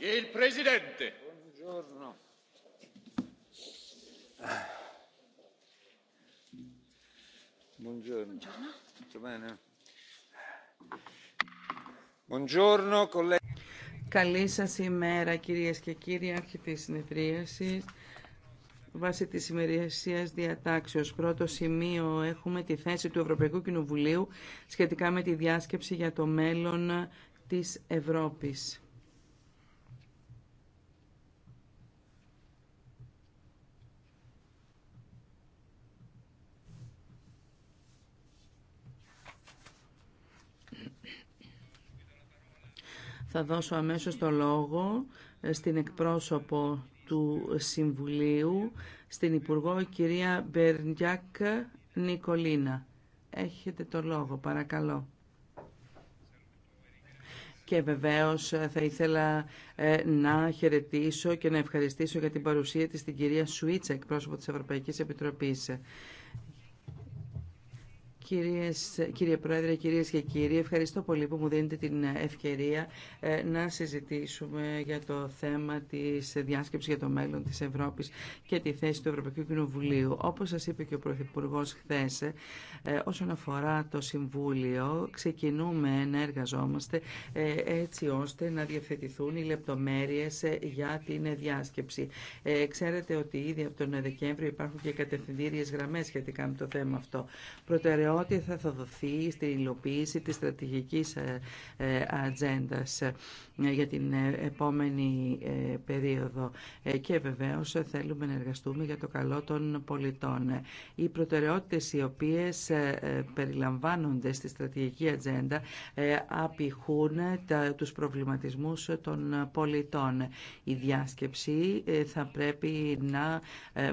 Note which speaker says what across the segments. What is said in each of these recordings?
Speaker 1: il
Speaker 2: Καλή σα ημέρα κυρίε και κύριοι, αρχή της συνεδρίασης. Βάσει της ημερησία διατάξεως, πρώτο σημείο έχουμε τη θέση του Ευρωπαϊκού Κοινοβουλίου σχετικά με τη διάσκεψη για το μέλλον της Ευρώπης. Θα δώσω αμέσως το λόγο ε, στην εκπρόσωπο του Συμβουλίου, στην Υπουργό κυρία Μπερντιάκ Νικολίνα. Έχετε το λόγο, παρακαλώ. Και βεβαίως ε, θα ήθελα ε, να χαιρετήσω και να ευχαριστήσω για την παρουσία της την κυρία Σουίτσα, εκπρόσωπο της Ευρωπαϊκής Επιτροπής. Κυρίες, κύριε Πρόεδρε, κυρίες και κύριοι, ευχαριστώ πολύ που μου δίνετε την ευκαιρία ε, να συζητήσουμε για το θέμα της διάσκεψης για το μέλλον της Ευρώπης και τη θέση του Ευρωπαϊκού Κοινοβουλίου. Όπως σας είπε και ο Πρωθυπουργό χθε, ε, όσον αφορά το Συμβούλιο, ξεκινούμε να εργαζόμαστε ε, έτσι ώστε να διευθετηθούν οι λεπτομέρειες για την διάσκεψη. Ξέρετε ότι ήδη από τον Δεκέμβριο υπάρχουν και κατευθυντήριες γραμμές σχετικά με το θέμα αυτό. Προτεραιότητα ότι θα δοθεί στην υλοποίηση της στρατηγικής ε, ε, ατζέντα ε, για την επόμενη περίοδο. Και βεβαίως θέλουμε να εργαστούμε για το καλό των πολιτών. Οι προτεραιότητες οι οποίες περιλαμβάνονται στη στρατηγική ατζέντα απηχούν τους προβληματισμούς των πολιτών. Η διάσκεψη θα πρέπει να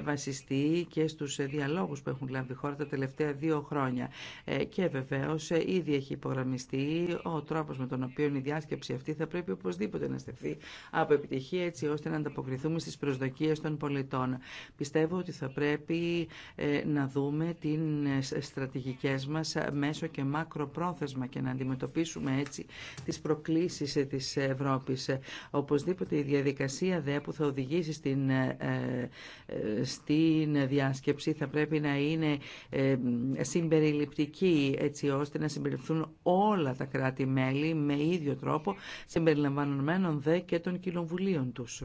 Speaker 2: βασιστεί και στους διαλόγους που έχουν λάβει χώρα τα τελευταία δύο χρόνια. Ε, και βεβαίω ε, ήδη έχει υπογραμμιστεί ο τρόπο με τον οποίο η διάσκεψη αυτή θα πρέπει οπωσδήποτε να στεφθεί από επιτυχία έτσι ώστε να ανταποκριθούμε στις προσδοκίες των πολιτών. Πιστεύω ότι θα πρέπει ε, να δούμε τι στρατηγικέ μας μέσω και μακροπρόθεσμα και να αντιμετωπίσουμε έτσι τις προκλήσεις της Ευρώπης. Οπωσδήποτε η διαδικασία δε που θα οδηγήσει στην, στην διάσκεψη θα πρέπει να είναι συμπεριληπτική έτσι ώστε να συμπεριληφθούν όλα τα κράτη-μέλη με ίδιο τρόπο συμπεριλαμβανομένων δε και των κοινοβουλίων τους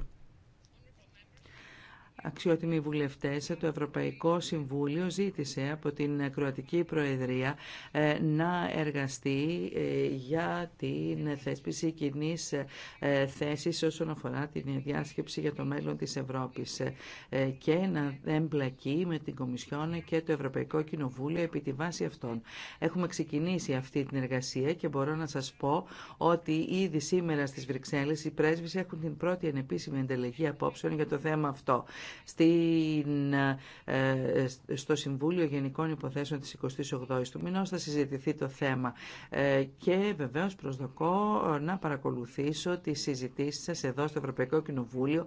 Speaker 2: αξιότιμοι βουλευτές, το Ευρωπαϊκό Συμβούλιο ζήτησε από την Κροατική Προεδρία ε, να εργαστεί ε, για την θέσπιση κοινή ε, θέσης όσον αφορά την διάσκεψη για το μέλλον της Ευρώπης και να εμπλακεί με την Κομισιόν και το Ευρωπαϊκό Κοινοβούλιο επί τη βάση αυτών. Έχουμε ξεκινήσει αυτή την εργασία και μπορώ να σας πω ότι ήδη σήμερα στις Βρυξέλλες οι πρέσβεις έχουν την πρώτη ανεπίσημη εντελεγή απόψεων για το θέμα αυτό. Στην, ε, ε, στο Συμβούλιο Γενικών Υποθέσεων της 28ης του μηνός θα συζητηθεί το θέμα ε, και βεβαίως προσδοκώ να παρακολουθήσω τις συζητήσεις σας εδώ στο Ευρωπαϊκό Κοινοβούλιο.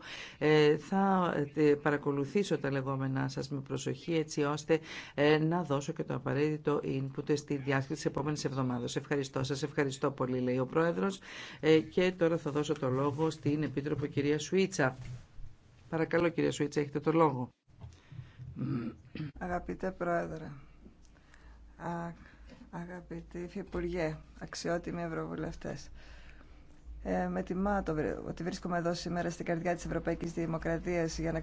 Speaker 2: Θα παρακολουθήσω τα λεγόμενά σας με προσοχή έτσι ώστε να δώσω και το απαραίτητο input στη διάσκεψη της επόμενης εβδομάδας. Ευχαριστώ σας, ευχαριστώ πολύ λέει ο Πρόεδρος και τώρα θα δώσω το λόγο στην Επίτροπο κυρία Σουίτσα. Παρακαλώ κύριε Σουίτσα, έχετε το λόγο.
Speaker 1: Αγαπητέ Πρόεδρε, αγαπητοί Υφυπουργέ, αξιότιμοι Ευρωβουλευτές, ε, με τιμά το, ότι βρίσκομαι εδώ σήμερα στην καρδιά της Ευρωπαϊκής Δημοκρατίας για να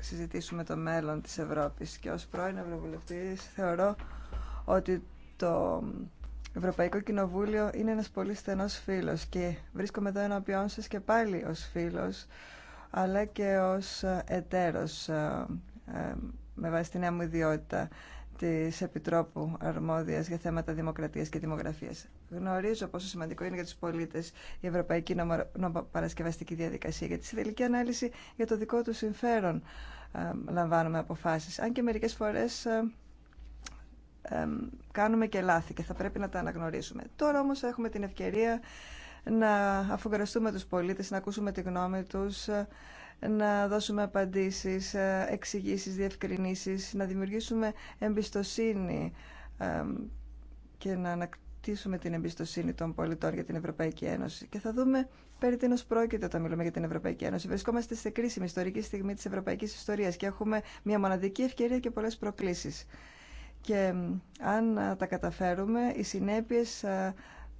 Speaker 1: συζητήσουμε το μέλλον της Ευρώπης και ως πρώην Ευρωβουλευτής θεωρώ ότι το Ευρωπαϊκό Κοινοβούλιο είναι ένας πολύ στενός φίλος και βρίσκομαι εδώ ενώπιόν σας και πάλι ως φίλος αλλά και ως ε, εταίρος ε, ε, με βάση τη νέα μου ιδιότητα της Επιτρόπου Αρμόδιας για θέματα δημοκρατίας και δημογραφίας. Γνωρίζω πόσο σημαντικό είναι για τους πολίτες η Ευρωπαϊκή Νομοπαρασκευαστική Διαδικασία, γιατί στη τελική ανάλυση για το δικό του συμφέρον λαμβάνουμε αποφάσεις. Αν και μερικές φορές κάνουμε και λάθη και θα πρέπει να τα αναγνωρίσουμε. Τώρα όμως έχουμε την ευκαιρία να αφουγκραστούμε τους πολίτες, να ακούσουμε τη γνώμη τους, να δώσουμε απαντήσεις, εξηγήσεις, διευκρινήσεις, να δημιουργήσουμε εμπιστοσύνη και να ανακτήσουμε την εμπιστοσύνη των πολιτών για την Ευρωπαϊκή Ένωση. Και θα δούμε περί τίνος πρόκειται όταν μιλούμε για την Ευρωπαϊκή Ένωση. Βρισκόμαστε σε κρίσιμη ιστορική στιγμή της ευρωπαϊκής ιστορίας και έχουμε μια μοναδική ευκαιρία και πολλές προκλήσεις. Και αν τα καταφέρουμε, οι συνέπειες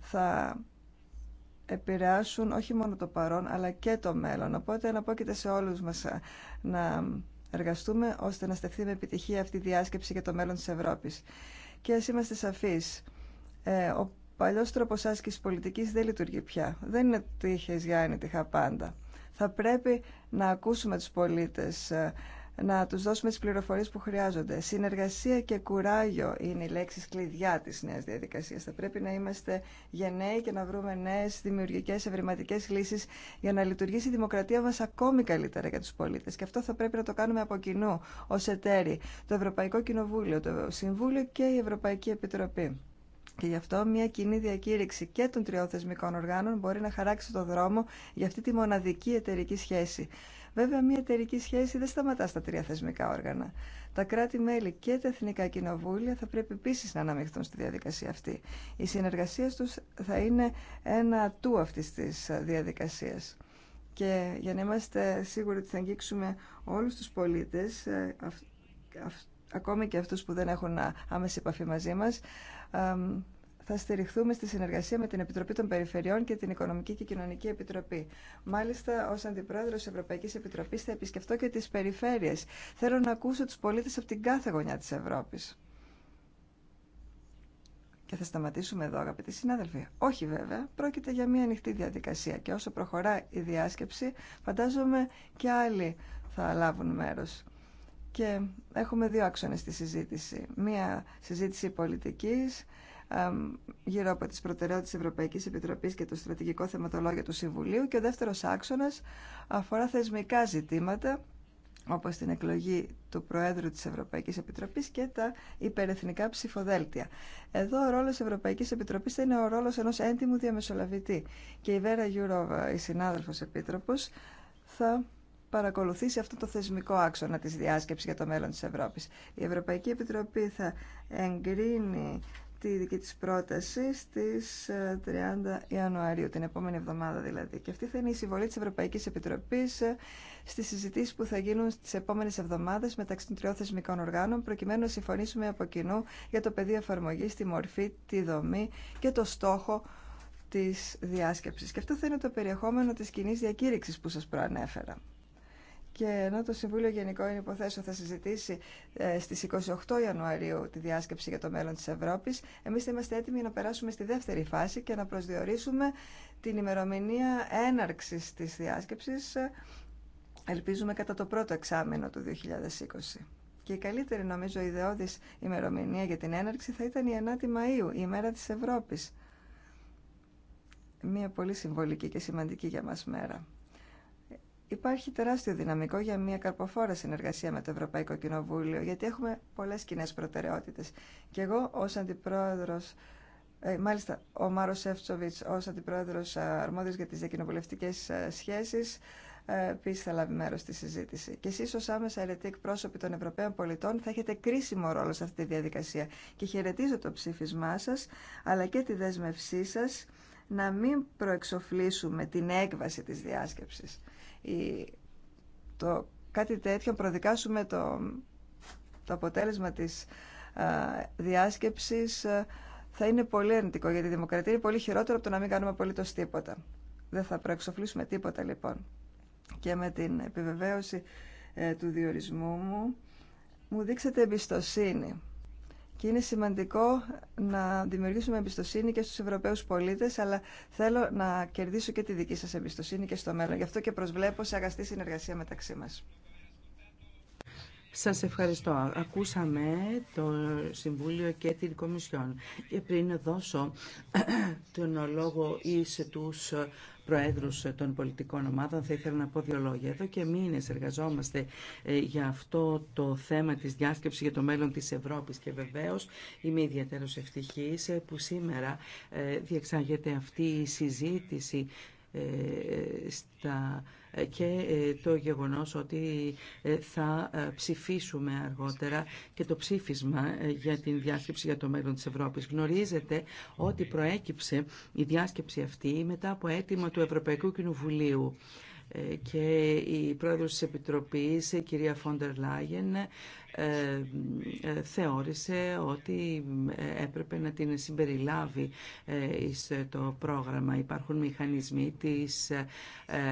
Speaker 1: θα επηρεάσουν όχι μόνο το παρόν αλλά και το μέλλον. Οπότε αναπόκειται σε όλους μας ε, να εργαστούμε ώστε να στεφθεί με επιτυχία αυτή η διάσκεψη για το μέλλον της Ευρώπης. Και ας είμαστε σαφείς, ε, ο παλιός τρόπος άσκησης πολιτικής δεν λειτουργεί πια. Δεν είναι τύχες για τυχα πάντα. Θα πρέπει να ακούσουμε τους πολίτες, ε, να τους δώσουμε τις πληροφορίες που χρειάζονται. Συνεργασία και κουράγιο είναι οι λέξεις κλειδιά της νέας διαδικασίας. Θα πρέπει να είμαστε γενναίοι και να βρούμε νέες δημιουργικές ευρηματικές λύσεις για να λειτουργήσει η δημοκρατία μας ακόμη καλύτερα για τους πολίτες. Και αυτό θα πρέπει να το κάνουμε από κοινού, ως εταίροι, το Ευρωπαϊκό Κοινοβούλιο, το Συμβούλιο και η Ευρωπαϊκή Επιτροπή. Και γι' αυτό μια κοινή διακήρυξη και των τριών θεσμικών οργάνων μπορεί να χαράξει το δρόμο για αυτή τη μοναδική εταιρική σχέση Βέβαια, μια εταιρική σχέση δεν σταματά στα τρία θεσμικά όργανα. Τα κράτη-μέλη και τα εθνικά κοινοβούλια θα πρέπει επίση να αναμειχθούν στη διαδικασία αυτή. Η συνεργασία του θα είναι ένα του αυτή τη διαδικασία. Και για να είμαστε σίγουροι ότι θα αγγίξουμε όλου του πολίτε, ε, ακόμη και αυτούς που δεν έχουν άμεση επαφή μαζί μα. Ε, θα στηριχθούμε στη συνεργασία με την Επιτροπή των Περιφερειών και την Οικονομική και Κοινωνική Επιτροπή. Μάλιστα, ω Αντιπρόεδρο τη Ευρωπαϊκή Επιτροπή, θα επισκεφτώ και τι περιφέρειε. Θέλω να ακούσω του πολίτε από την κάθε γωνιά τη Ευρώπη. Και θα σταματήσουμε εδώ, αγαπητοί συνάδελφοι. Όχι, βέβαια, πρόκειται για μια ανοιχτή διαδικασία. Και όσο προχωρά η διάσκεψη, φαντάζομαι και άλλοι θα λάβουν μέρο. Και έχουμε δύο άξονε στη συζήτηση. Μία συζήτηση πολιτική γύρω από τις προτεραιότητες της Ευρωπαϊκής Επιτροπής και το στρατηγικό θεματολόγιο του Συμβουλίου και ο δεύτερος άξονας αφορά θεσμικά ζητήματα όπως την εκλογή του Προέδρου της Ευρωπαϊκής Επιτροπής και τα υπερεθνικά ψηφοδέλτια. Εδώ ο ρόλος Ευρωπαϊκής Επιτροπής θα είναι ο ρόλος ενός έντιμου διαμεσολαβητή και η Βέρα Γιούροβα, η συνάδελφος επίτροπος, θα παρακολουθήσει αυτό το θεσμικό άξονα της διάσκεψης για το μέλλον της Ευρώπης. Η Ευρωπαϊκή Επιτροπή θα εγκρίνει τη δική της πρόταση στις 30 ε, Ιανουαρίου, την επόμενη εβδομάδα δηλαδή. Και αυτή θα είναι η συμβολή της Ευρωπαϊκής Επιτροπής ε, στις συζητήσεις που θα γίνουν στις επόμενες εβδομάδες μεταξύ των τριών θεσμικών οργάνων, προκειμένου να συμφωνήσουμε από κοινού για το πεδίο εφαρμογής, τη μορφή, τη δομή και το στόχο της διάσκεψης. Και αυτό θα είναι το περιεχόμενο της κοινή διακήρυξης που σας προανέφερα. Και ενώ το Συμβούλιο Γενικών Υποθέσεων θα συζητήσει ε, στις 28 Ιανουαρίου τη διάσκεψη για το μέλλον της Ευρώπης, εμείς θα είμαστε έτοιμοι να περάσουμε στη δεύτερη φάση και να προσδιορίσουμε την ημερομηνία έναρξης της διάσκεψης, ε, ελπίζουμε κατά το πρώτο εξάμεινο του 2020. Και η καλύτερη νομίζω ιδεώδης ημερομηνία για την έναρξη θα ήταν η 9η Μαΐου, η μαιου η μέρα της Ευρώπης. Μία πολύ συμβολική και σημαντική για μας μέρα. Υπάρχει τεράστιο δυναμικό για μια καρποφόρα συνεργασία με το Ευρωπαϊκό Κοινοβούλιο, γιατί έχουμε πολλές κοινέ προτεραιότητες. Και εγώ ως αντιπρόεδρος, ε, μάλιστα ο Μάρος Σεφτσοβιτς ως αντιπρόεδρος ε, αρμόδιος για τις διακοινοβουλευτικές ε, σχέσεις, επίση θα λάβει μέρο στη συζήτηση. Και εσεί, ω άμεσα αιρετή εκπρόσωποι των Ευρωπαίων πολιτών, θα έχετε κρίσιμο ρόλο σε αυτή τη διαδικασία. Και χαιρετίζω το ψήφισμά σα, αλλά και τη δέσμευσή σα να μην προεξοφλήσουμε την έκβαση της διάσκεψης το, κάτι τέτοιο, προδικάσουμε το, το αποτέλεσμα της α, διάσκεψης θα είναι πολύ αρνητικό για τη δημοκρατία. Είναι πολύ χειρότερο από το να μην κάνουμε απολύτω τίποτα. Δεν θα προεξοφλήσουμε τίποτα λοιπόν. Και με την επιβεβαίωση ε, του διορισμού μου, μου δείξατε εμπιστοσύνη. Και είναι σημαντικό να δημιουργήσουμε εμπιστοσύνη και στους Ευρωπαίους πολίτες, αλλά θέλω να κερδίσω και τη δική σας εμπιστοσύνη και στο μέλλον. Γι' αυτό και προσβλέπω σε αγαστή συνεργασία μεταξύ μας.
Speaker 2: Σας ευχαριστώ. Ακούσαμε το Συμβούλιο και την Κομισιόν. Και πριν δώσω τον λόγο εις τους Προέδρου των πολιτικών ομάδων θα ήθελα να πω δύο λόγια. Εδώ και μήνε εργαζόμαστε ε, για αυτό το θέμα της διάσκεψης για το μέλλον της Ευρώπης και βεβαίω, είμαι ιδιαίτερο ευτυχή, ε, που σήμερα ε, διεξάγεται αυτή η συζήτηση ε, στα, και ε, το γεγονός ότι ε, θα ψηφίσουμε αργότερα και το ψήφισμα για την διάσκεψη για το μέλλον της Ευρώπης. Γνωρίζετε ότι προέκυψε η διάσκεψη αυτή μετά από αίτημα του Ευρωπαϊκού Κοινοβουλίου και η πρόεδρος της Επιτροπής, η κυρία Φόντερ Λάγεν, ε, ε, θεώρησε ότι ε, έπρεπε να την συμπεριλάβει το πρόγραμμα. Υπάρχουν μηχανισμοί της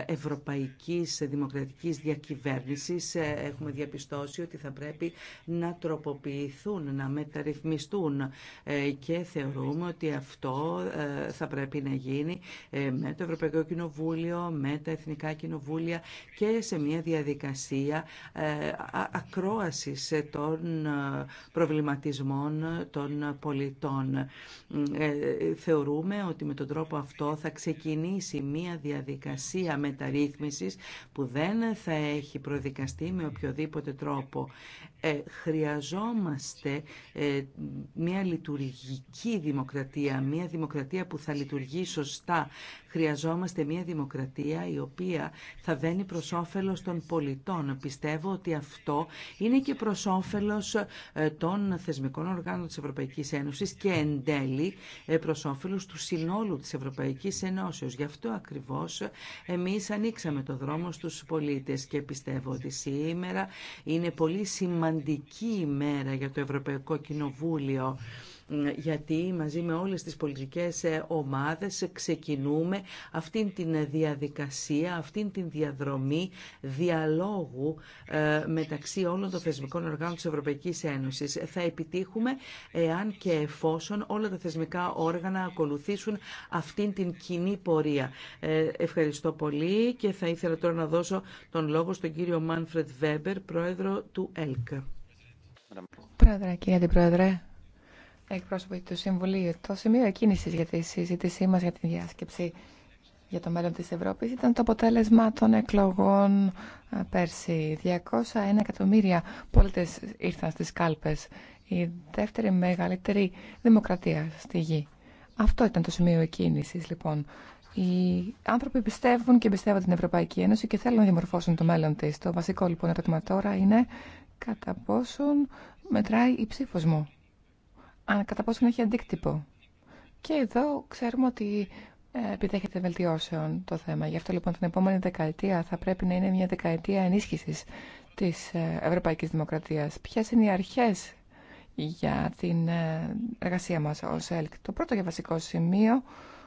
Speaker 2: ευρωπαϊκής δημοκρατικής διακυβέρνησης. Έχουμε διαπιστώσει ότι θα πρέπει να τροποποιηθούν, να μεταρρυθμιστούν και θεωρούμε ότι αυτό θα πρέπει να γίνει με το Ευρωπαϊκό Κοινοβούλιο, με τα Εθνικά Κοινοβούλια και σε μια διαδικασία ακρόασης των ε, προβληματισμών των πολιτών. Ε, θεωρούμε ότι με τον τρόπο αυτό θα ξεκινήσει μία διαδικασία μεταρρύθμισης που δεν θα έχει προδικαστεί με οποιοδήποτε τρόπο. Ε, χρειαζόμαστε ε, μια λειτουργική δημοκρατία, μια δημοκρατία που θα λειτουργεί σωστά. Χρειαζόμαστε μια δημοκρατία η οποία θα βαίνει προς όφελος των πολιτών. Πιστεύω ότι αυτό είναι και προς όφελος ε, των θεσμικών οργάνων της Ευρωπαϊκής Ένωσης και εν τέλει προς όφελος του συνόλου της Ευρωπαϊκής Ένωσης. Γι' αυτό ακριβώς εμείς ανοίξαμε το δρόμο στους πολίτες και πιστεύω ότι σήμερα είναι πολύ σημαντικό σημαντική ημέρα για το Ευρωπαϊκό Κοινοβούλιο γιατί μαζί με όλες τις πολιτικές ε, ομάδες ξεκινούμε αυτήν την διαδικασία, αυτήν την διαδρομή διαλόγου ε, μεταξύ όλων των θεσμικών οργάνων της Ευρωπαϊκής Ένωσης. Θα επιτύχουμε εάν και εφόσον όλα τα θεσμικά όργανα ακολουθήσουν αυτήν την κοινή πορεία. Ε, ευχαριστώ πολύ και θα ήθελα τώρα να δώσω τον λόγο στον κύριο Μάνφρετ Βέμπερ, πρόεδρο του ΕΛΚ.
Speaker 3: Πρόεδρε, κύριε Αντιπρόεδρε, εκπρόσωποι του Συμβουλίου, το σημείο εκκίνηση για τη συζήτησή μα για τη διάσκεψη για το μέλλον τη Ευρώπη ήταν το αποτέλεσμα των εκλογών ε, πέρσι. 201 εκατομμύρια πολίτε ήρθαν στι κάλπε. Η δεύτερη μεγαλύτερη δημοκρατία στη γη. Αυτό ήταν το σημείο εκκίνηση, λοιπόν. Οι άνθρωποι πιστεύουν και πιστεύουν την Ευρωπαϊκή Ένωση και θέλουν να διαμορφώσουν το μέλλον τη. Το βασικό λοιπόν ερώτημα τώρα είναι κατά πόσον μετράει η ψήφο μου. Αλλά κατά πόσον έχει αντίκτυπο. Και εδώ ξέρουμε ότι ε, επιτέχεται βελτιώσεων το θέμα. Γι' αυτό λοιπόν την επόμενη δεκαετία θα πρέπει να είναι μια δεκαετία ενίσχυσης της ε, ευρωπαϊκής δημοκρατίας. Ποιε είναι οι αρχές για την ε, εργασία μας ως ΕΛΚ. Το πρώτο και βασικό σημείο,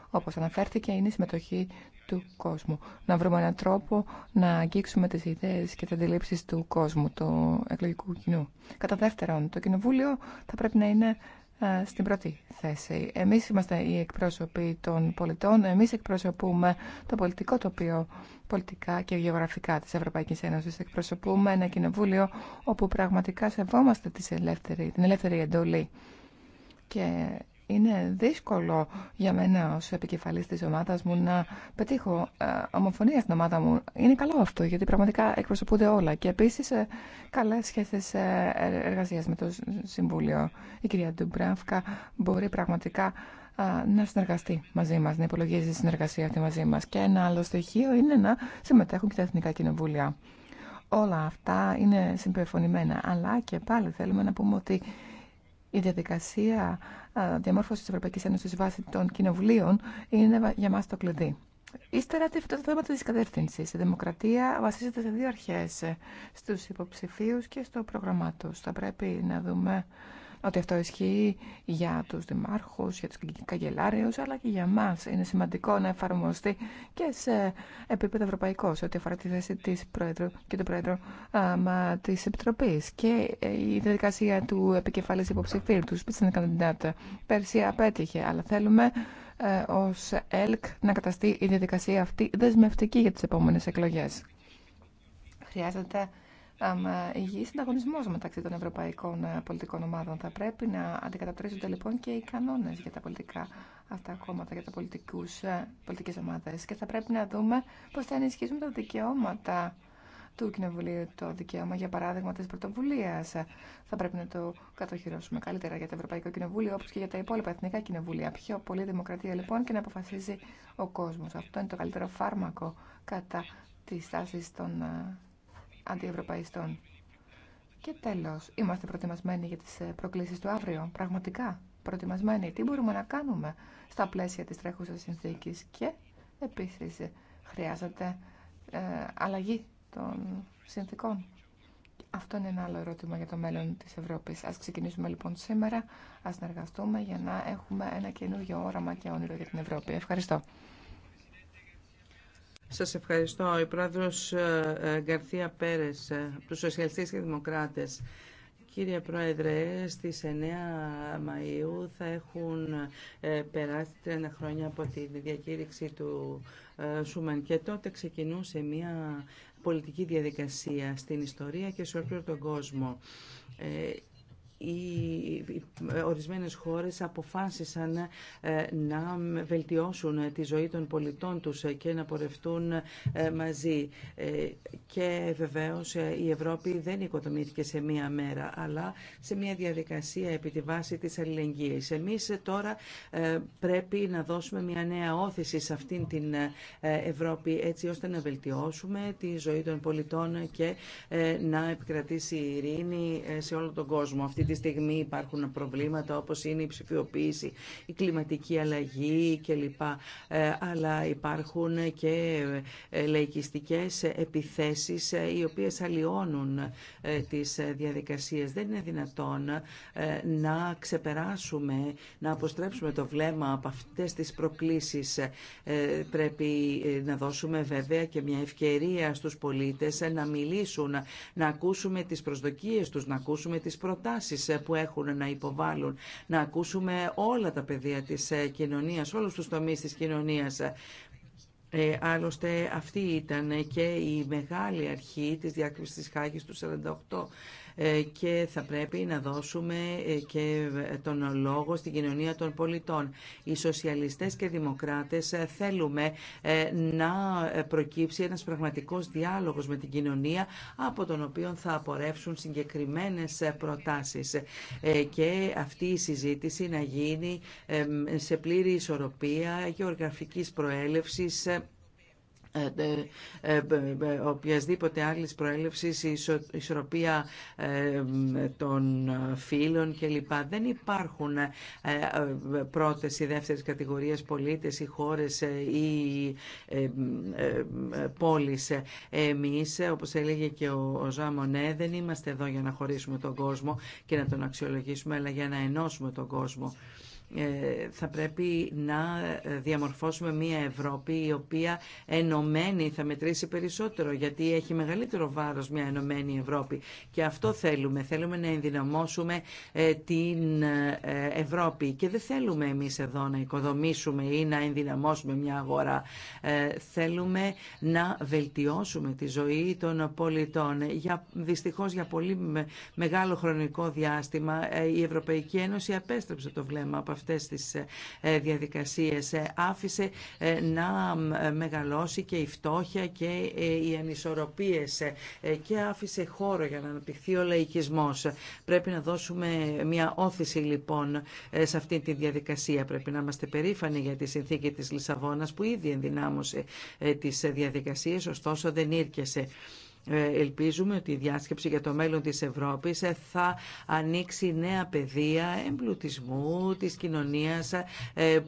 Speaker 3: όπως αναφέρθηκε, είναι η συμμετοχή του κόσμου. Να βρούμε έναν τρόπο να αγγίξουμε τις ιδέες και τις αντιλήψεις του κόσμου, του εκλογικού κοινού. Κατά δεύτερον, το Κοινοβούλιο θα πρέπει να είναι ε, στην πρώτη θέση. Εμείς είμαστε οι εκπρόσωποι των πολιτών, εμείς εκπροσωπούμε το πολιτικό τοπίο πολιτικά και γεωγραφικά της Ευρωπαϊκής Ένωσης. Εκπροσωπούμε ένα κοινοβούλιο όπου πραγματικά σεβόμαστε την ελεύθερη εντολή και είναι δύσκολο για μένα ως επικεφαλής της ομάδας μου να πετύχω ε, ομοφωνία στην ομάδα μου. Είναι καλό αυτό γιατί πραγματικά εκπροσωπούνται όλα και επίσης ε, καλές σχέσεις ε, εργασίας με το Συμβούλιο. Η κυρία Ντουμπράφκα μπορεί πραγματικά να συνεργαστεί μαζί μας, να υπολογίζει τη συνεργασία αυτή μαζί μας. Και ένα άλλο στοιχείο είναι να συμμετέχουν και τα Εθνικά Κοινοβούλια. Όλα αυτά είναι συμπεριφωνημένα, αλλά και πάλι θέλουμε να πούμε ότι η διαδικασία διαμόρφωση τη Ευρωπαϊκή Ένωση βάσει των κοινοβουλίων είναι για μα το κλειδί. Ύστερα το θέμα τη κατεύθυνση. Η δημοκρατία βασίζεται σε δύο αρχέ, στου υποψηφίου και στο πρόγραμμά του. Θα πρέπει να δούμε ότι αυτό ισχύει για τους δημάρχους, για τους καγκελάριους, αλλά και για μας. Είναι σημαντικό να εφαρμοστεί και σε επίπεδο ευρωπαϊκό, σε ό,τι αφορά τη θέση της Πρόεδρου και του Πρόεδρου α, της Επιτροπής. Και η διαδικασία του επικεφαλής υποψηφίου, του Σπίτσεν Καντιντάτα, πέρσι απέτυχε, αλλά θέλουμε ε, ως ΕΛΚ να καταστεί η διαδικασία αυτή δεσμευτική για τις επόμενες εκλογές. Χρειάζεται ε, υγιή συνταγωνισμό μεταξύ των ευρωπαϊκών ε, πολιτικών ομάδων. Θα πρέπει να αντικαταπτρίζονται λοιπόν και οι κανόνε για τα πολιτικά αυτά κόμματα, για τα ε, πολιτικέ ομάδε. Και θα πρέπει να δούμε πώ θα ενισχύσουμε τα δικαιώματα του Κοινοβουλίου το δικαίωμα, για παράδειγμα, τη πρωτοβουλία. Θα πρέπει να το κατοχυρώσουμε καλύτερα για το Ευρωπαϊκό Κοινοβούλιο, όπω και για τα υπόλοιπα εθνικά κοινοβούλια. Πιο πολύ δημοκρατία, λοιπόν, και να αποφασίζει ο κόσμο. Αυτό είναι το καλύτερο φάρμακο κατά τη τάση των αντιευρωπαϊστών. Και τέλο, είμαστε προετοιμασμένοι για τις ε, προκλήσεις του αύριο, πραγματικά προετοιμασμένοι. Τι μπορούμε να κάνουμε στα πλαίσια της Τρεχούσα συνθήκη και επίσης χρειάζεται ε, αλλαγή των συνθήκων. Αυτό είναι ένα άλλο ερώτημα για το μέλλον της Ευρώπης. Ας ξεκινήσουμε λοιπόν σήμερα, ας συνεργαστούμε για να έχουμε ένα καινούργιο όραμα και όνειρο για την Ευρώπη. Ευχαριστώ.
Speaker 2: Σας ευχαριστώ. Η πρόεδρος ε, ε, Γκαρθία Πέρες, από ε, τους Σοσιαλιστές και Δημοκράτες. Κύριε Πρόεδρε, στις 9 Μαΐου θα έχουν περάσει 30 χρόνια από τη διακήρυξη του Σούμαν και τότε ξεκινούσε μια πολιτική διαδικασία στην ιστορία και σε όλο τον κόσμο οι ε, ορισμένες χώρες αποφάσισαν ε, να βελτιώσουν τη ζωή των πολιτών τους ε, και να πορευτούν μαζί. Και βεβαίως η Ευρώπη δεν οικοδομήθηκε σε μία μέρα, αλλά σε μία διαδικασία επί τη βάση της αλληλεγγύης. Εμείς τώρα πρέπει να δώσουμε μια νέα όθηση σε αυτήν την Ευρώπη, έτσι ώστε να βελτιώσουμε τη ζωή των πολιτών και να επικρατήσει η ειρήνη σε όλο τον κόσμο τη στιγμή υπάρχουν προβλήματα όπως είναι η ψηφιοποίηση, η κλιματική αλλαγή κλπ. Ε, αλλά υπάρχουν και ε, λαϊκιστικές επιθέσεις ε, οι οποίες αλλοιώνουν τις διαδικασίες. Δεν είναι δυνατόν να ξεπεράσουμε, να αποστρέψουμε το βλέμμα από αυτές τις προκλήσεις. Πρέπει να δώσουμε βέβαια και μια ευκαιρία στους πολίτες να μιλήσουν, να ακούσουμε τις προσδοκίες τους, να ακούσουμε τις προτάσεις ε, που έχουν να υποβάλουν, να ακούσουμε όλα τα πεδία της ε, κοινωνίας, όλους τους τομείς της κοινωνίας. Ε, άλλωστε αυτή ήταν και η μεγάλη αρχή της διάκρισης της Χάγης του 1948 ε, και θα πρέπει να δώσουμε ε, και ε, τον λόγο στην κοινωνία των πολιτών. Οι σοσιαλιστές και δημοκράτες θέλουμε να προκύψει ένας πραγματικός διάλογος με την κοινωνία από τον οποίο θα απορρεύσουν συγκεκριμένες προτάσεις και αυτή η συζήτηση να γίνει σε πλήρη ισορροπία γεωγραφικής προέλευσης ε, ε, ε, οποιασδήποτε άλλης προέλευσης η ισορροπία των φύλων κλπ. Δεν υπάρχουν πρώτες ή δεύτερες κατηγορίες πολίτες ή χώρες ή πόλεις. Εμείς, όπως έλεγε και ο Ζαμονέ, δεν είμαστε εδώ για να χωρίσουμε τον κόσμο και να τον αξιολογήσουμε, αλλά για να ενώσουμε τον κόσμο. Ε, θα πρέπει να διαμορφώσουμε μια Ευρώπη η οποία ενωμένη θα μετρήσει περισσότερο γιατί έχει μεγαλύτερο βάρος μια ενωμένη Ευρώπη και αυτό θέλουμε. Θέλουμε να ενδυναμώσουμε ε, την ε, Ευρώπη και δεν θέλουμε εμείς εδώ να οικοδομήσουμε ή να ενδυναμώσουμε μια αγορά. Θέλουμε να βελτιώσουμε τη ζωή των πολιτών. Για, δυστυχώς για πολύ μεγάλο χρονικό διάστημα η Ευρωπαϊκή Ένωση απέστρεψε το βλέμμα από αυτές τις ε, ε, διαδικασίες. Ε, άφησε να μεγαλώσει και η φτώχεια και οι ανισορροπίες και άφησε χώρο για να αναπτυχθεί ο λαϊκισμός. Πρέπει να δώσουμε μια όθηση λοιπόν σε αυτή τη διαδικασία. Πρέπει να είμαστε περήφανοι για τη συνθήκη της Λισαβόνας που ήδη ενδυνάμωσε τις διαδικασίες, ωστόσο δεν ήρκεσε. Ε, ελπίζουμε ότι η διάσκεψη για το μέλλον της Ευρώπης ε, θα ανοίξει νέα πεδία εμπλουτισμού της κοινωνίας ε,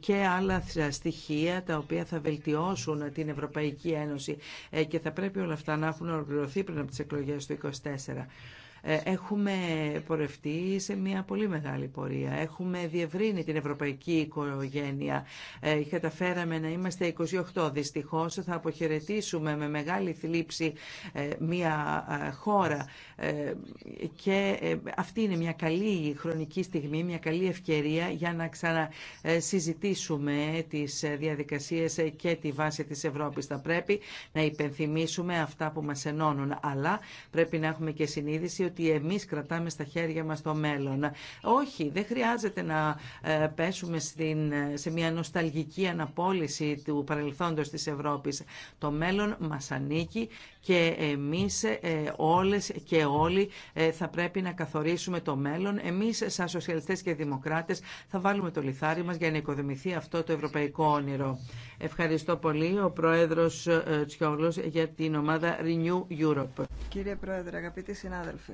Speaker 2: και άλλα στοιχεία τα οποία θα βελτιώσουν την Ευρωπαϊκή Ένωση και θα πρέπει όλα αυτά να έχουν ολοκληρωθεί πριν από τις εκλογές του 2024. Ε, έχουμε πορευτεί σε μια πολύ μεγάλη πορεία. Έχουμε διευρύνει την ευρωπαϊκή οικογένεια. Ε, καταφέραμε να είμαστε 28. Δυστυχώ. θα αποχαιρετήσουμε με μεγάλη θλίψη ε, μια χώρα και αυτή είναι μια καλή χρονική στιγμή, μια καλή ευκαιρία για να ξανασυζητήσουμε τις διαδικασίες και τη βάση της Ευρώπης. Θα πρέπει να υπενθυμίσουμε αυτά που μας ενώνουν, αλλά πρέπει να έχουμε και συνείδηση ότι εμείς κρατάμε στα χέρια μας το μέλλον. Όχι, δεν χρειάζεται να ε, πέσουμε στην, ε, σε μια νοσταλγική αναπόλυση του παρελθόντος της Ευρώπης. Το μέλλον μας ανήκει και εμείς ε, όλες και όλοι θα πρέπει να καθορίσουμε το μέλλον. Εμείς σαν σοσιαλιστές και δημοκράτες θα βάλουμε το λιθάρι μας για να οικοδομηθεί αυτό το ευρωπαϊκό όνειρο. Ευχαριστώ πολύ ο Πρόεδρος Τσιόλος για την ομάδα Renew Europe.
Speaker 1: Κύριε Πρόεδρε, αγαπητοί συνάδελφοι,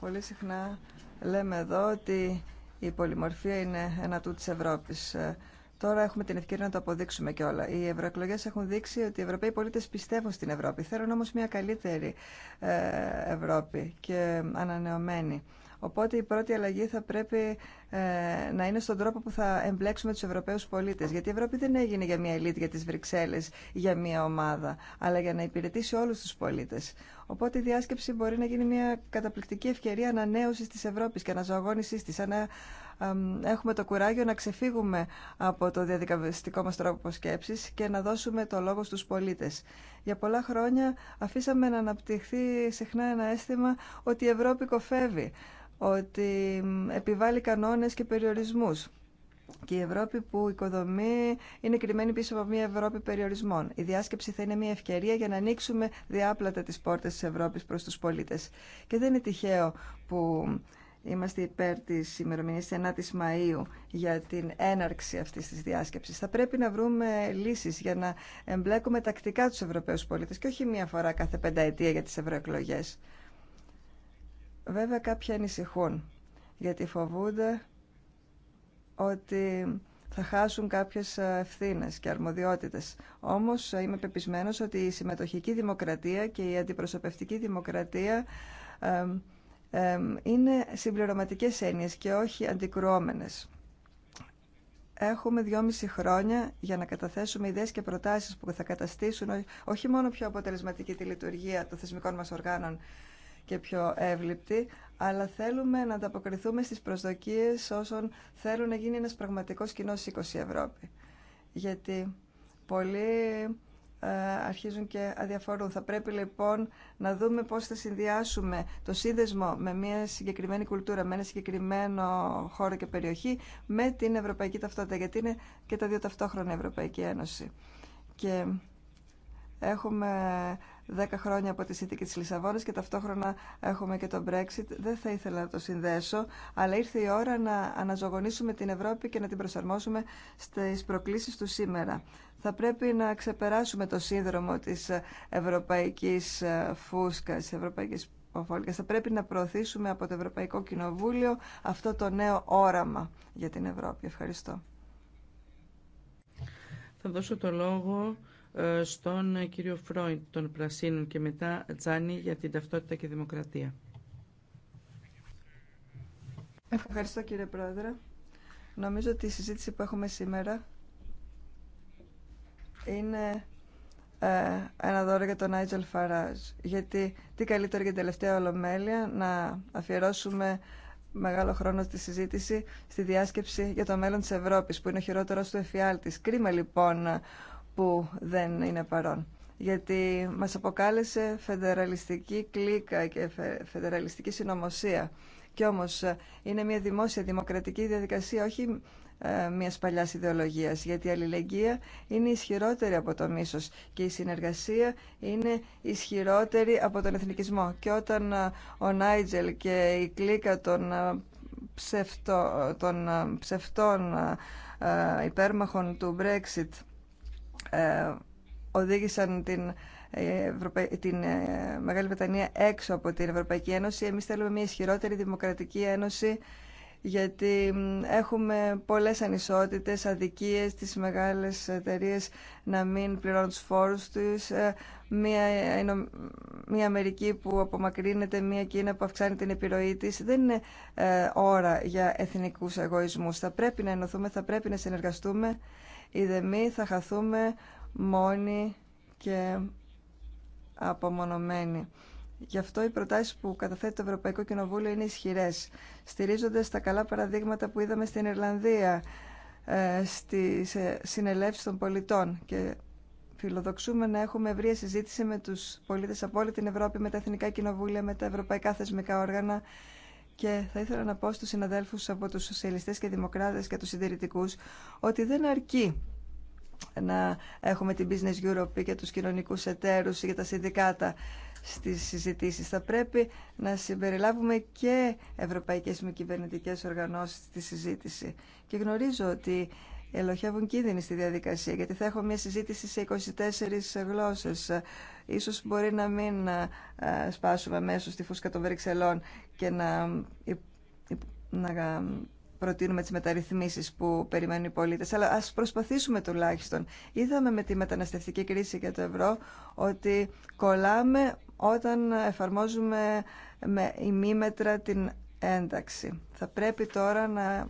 Speaker 1: Πολύ συχνά λέμε εδώ ότι η πολυμορφία είναι ένα του της Ευρώπης. Ε, τώρα έχουμε την ευκαιρία να το αποδείξουμε κιόλα. Οι ευρωεκλογέ έχουν δείξει ότι οι Ευρωπαίοι πολίτε πιστεύουν στην Ευρώπη. Θέλουν όμω μια καλύτερη ε, Ευρώπη και ανανεωμένη. Οπότε η πρώτη αλλαγή θα πρέπει ε, να είναι στον τρόπο που θα εμπλέξουμε τους Ευρωπαίους πολίτες. Γιατί η Ευρώπη δεν έγινε για μια ελίτ, για τις Βρυξέλλες, για μια ομάδα, αλλά για να υπηρετήσει όλους τους πολίτες. Οπότε η διάσκεψη μπορεί να γίνει μια καταπληκτική ευκαιρία ανανέωσης της Ευρώπης και αναζωογόνησής της. Αν ε, έχουμε το κουράγιο να ξεφύγουμε από το διαδικαστικό μας τρόπο σκέψης και να δώσουμε το λόγο στους πολίτες. Για πολλά χρόνια αφήσαμε να αναπτυχθεί συχνά ένα αίσθημα ότι η Ευρώπη κοφεύει ότι επιβάλλει κανόνες και περιορισμούς. Και η Ευρώπη που οικοδομεί είναι κρυμμένη πίσω από μια Ευρώπη περιορισμών. Η διάσκεψη θα είναι μια ευκαιρία για να ανοίξουμε διάπλατα τις πόρτες της Ευρώπης προς τους πολίτες. Και δεν είναι τυχαίο που είμαστε υπέρ της ημερομηνια 9 η Μαΐου για την έναρξη αυτής της διάσκεψης. Θα πρέπει να βρούμε λύσεις για να εμπλέκουμε τακτικά τους Ευρωπαίους πολίτες και όχι μία φορά κάθε πενταετία για τις ευρωεκλογές. Βέβαια κάποιοι ανησυχούν γιατί φοβούνται ότι θα χάσουν κάποιες ε, ευθύνες και αρμοδιότητες. Όμως ε, είμαι πεπισμένος ότι η συμμετοχική δημοκρατία και η αντιπροσωπευτική δημοκρατία είναι συμπληρωματικές έννοιες και όχι αντικρουόμενες. Έχουμε δυόμιση χρόνια για να καταθέσουμε ιδέες και προτάσεις που θα καταστήσουν όχι μόνο πιο αποτελεσματική τη λειτουργία των θεσμικών μας οργάνων και πιο εύληπτη, αλλά θέλουμε να ανταποκριθούμε στις προσδοκίες όσων θέλουν να γίνει ένας πραγματικός κοινό σήκος η Ευρώπη. Γιατί πολλοί ε, αρχίζουν και αδιαφορούν. Θα πρέπει λοιπόν να δούμε πώς θα συνδυάσουμε το σύνδεσμο με μια συγκεκριμένη κουλτούρα, με ένα συγκεκριμένο χώρο και περιοχή, με την ευρωπαϊκή ταυτότητα, γιατί είναι και τα δύο ταυτόχρονα Ευρωπαϊκή Ένωση. Έχουμε 10 χρόνια από τη Συνθήκη της Λισαβόνας και ταυτόχρονα έχουμε και το Brexit. Δεν θα ήθελα να το συνδέσω, αλλά ήρθε η ώρα να αναζωογονήσουμε την Ευρώπη και να την προσαρμόσουμε στις προκλήσεις του σήμερα. Θα πρέπει να ξεπεράσουμε το σύνδρομο της ευρωπαϊκής φούσκας, της ευρωπαϊκής Οφόλικα. Θα πρέπει να προωθήσουμε από το Ευρωπαϊκό Κοινοβούλιο αυτό το νέο όραμα για την Ευρώπη. Ευχαριστώ.
Speaker 2: Θα δώσω το λόγο ε, στον ε, κύριο Φρόιντ των Πρασίνων και μετά Τζάνι για την ταυτότητα και δημοκρατία.
Speaker 1: Ευχαριστώ κύριε Πρόεδρε. Νομίζω ότι η συζήτηση που έχουμε σήμερα είναι ε, ένα δώρο για τον Άιτζελ Φαράζ. Γιατί τι καλύτερο για την τελευταία ολομέλεια να αφιερώσουμε μεγάλο χρόνο στη συζήτηση στη διάσκεψη για το μέλλον της Ευρώπης που είναι ο χειρότερος του εφιάλτης. Κρίμα λοιπόν που δεν είναι παρόν. Γιατί μας αποκάλεσε φεδεραλιστική κλίκα και φεδεραλιστική συνωμοσία. Κι όμως ε, είναι μια δημόσια δημοκρατική διαδικασία, όχι ε, μια παλιά ιδεολογία. Γιατί η αλληλεγγύη είναι ισχυρότερη από το μίσο και η συνεργασία είναι ισχυρότερη από τον εθνικισμό. Και όταν ε, ο Νάιτζελ και η κλίκα των, ψευτο, των ψευτών υπέρμαχων του Brexit ε, οδήγησαν την, ε, την ε, Μεγάλη Βρετανία έξω από την Ευρωπαϊκή Ένωση. Εμείς θέλουμε μια ισχυρότερη δημοκρατική ένωση γιατί έχουμε πολλές ανισότητες, αδικίες, τις μεγάλες εταιρείε να μην πληρώνουν τους φόρους τους, μια, μια Αμερική που απομακρύνεται, μια Κίνα που αυξάνει την επιρροή της. Δεν είναι ώρα για εθνικούς εγωισμούς. Θα πρέπει να ενωθούμε, θα πρέπει να συνεργαστούμε Ιδεμή θα χαθούμε μόνοι και απομονωμένοι. Γι' αυτό οι προτάσει που καταθέτει το Ευρωπαϊκό Κοινοβούλιο είναι ισχυρέ, Στηρίζονται στα καλά παραδείγματα που είδαμε στην Ιρλανδία, ε, στι ε, συνελεύσεις των πολιτών και φιλοδοξούμε να έχουμε ευρία συζήτηση με τους πολίτες από όλη την Ευρώπη, με τα εθνικά κοινοβούλια, με τα ευρωπαϊκά θεσμικά όργανα και θα ήθελα να πω στους συναδέλφους από τους σοσιαλιστές και δημοκράτες και τους συντηρητικούς ότι δεν αρκεί να έχουμε την Business Europe και τους κοινωνικούς εταίρους για τα συνδικάτα στις συζητήσεις. Θα πρέπει να συμπεριλάβουμε και ευρωπαϊκές μη κυβερνητικές οργανώσεις στη συζήτηση. Και γνωρίζω ότι ελοχεύουν κίνδυνοι στη διαδικασία, γιατί θα έχω μια συζήτηση σε 24 γλώσσες. Ίσως μπορεί να μην ε, σπάσουμε μέσω στη φούσκα των Βρυξελών και να, ε, να προτείνουμε τις μεταρρυθμίσεις που περιμένουν οι πολίτες. Αλλά ας προσπαθήσουμε τουλάχιστον. Είδαμε με τη μεταναστευτική κρίση για το ευρώ ότι κολλάμε όταν εφαρμόζουμε με ημίμετρα την ένταξη. Θα πρέπει τώρα να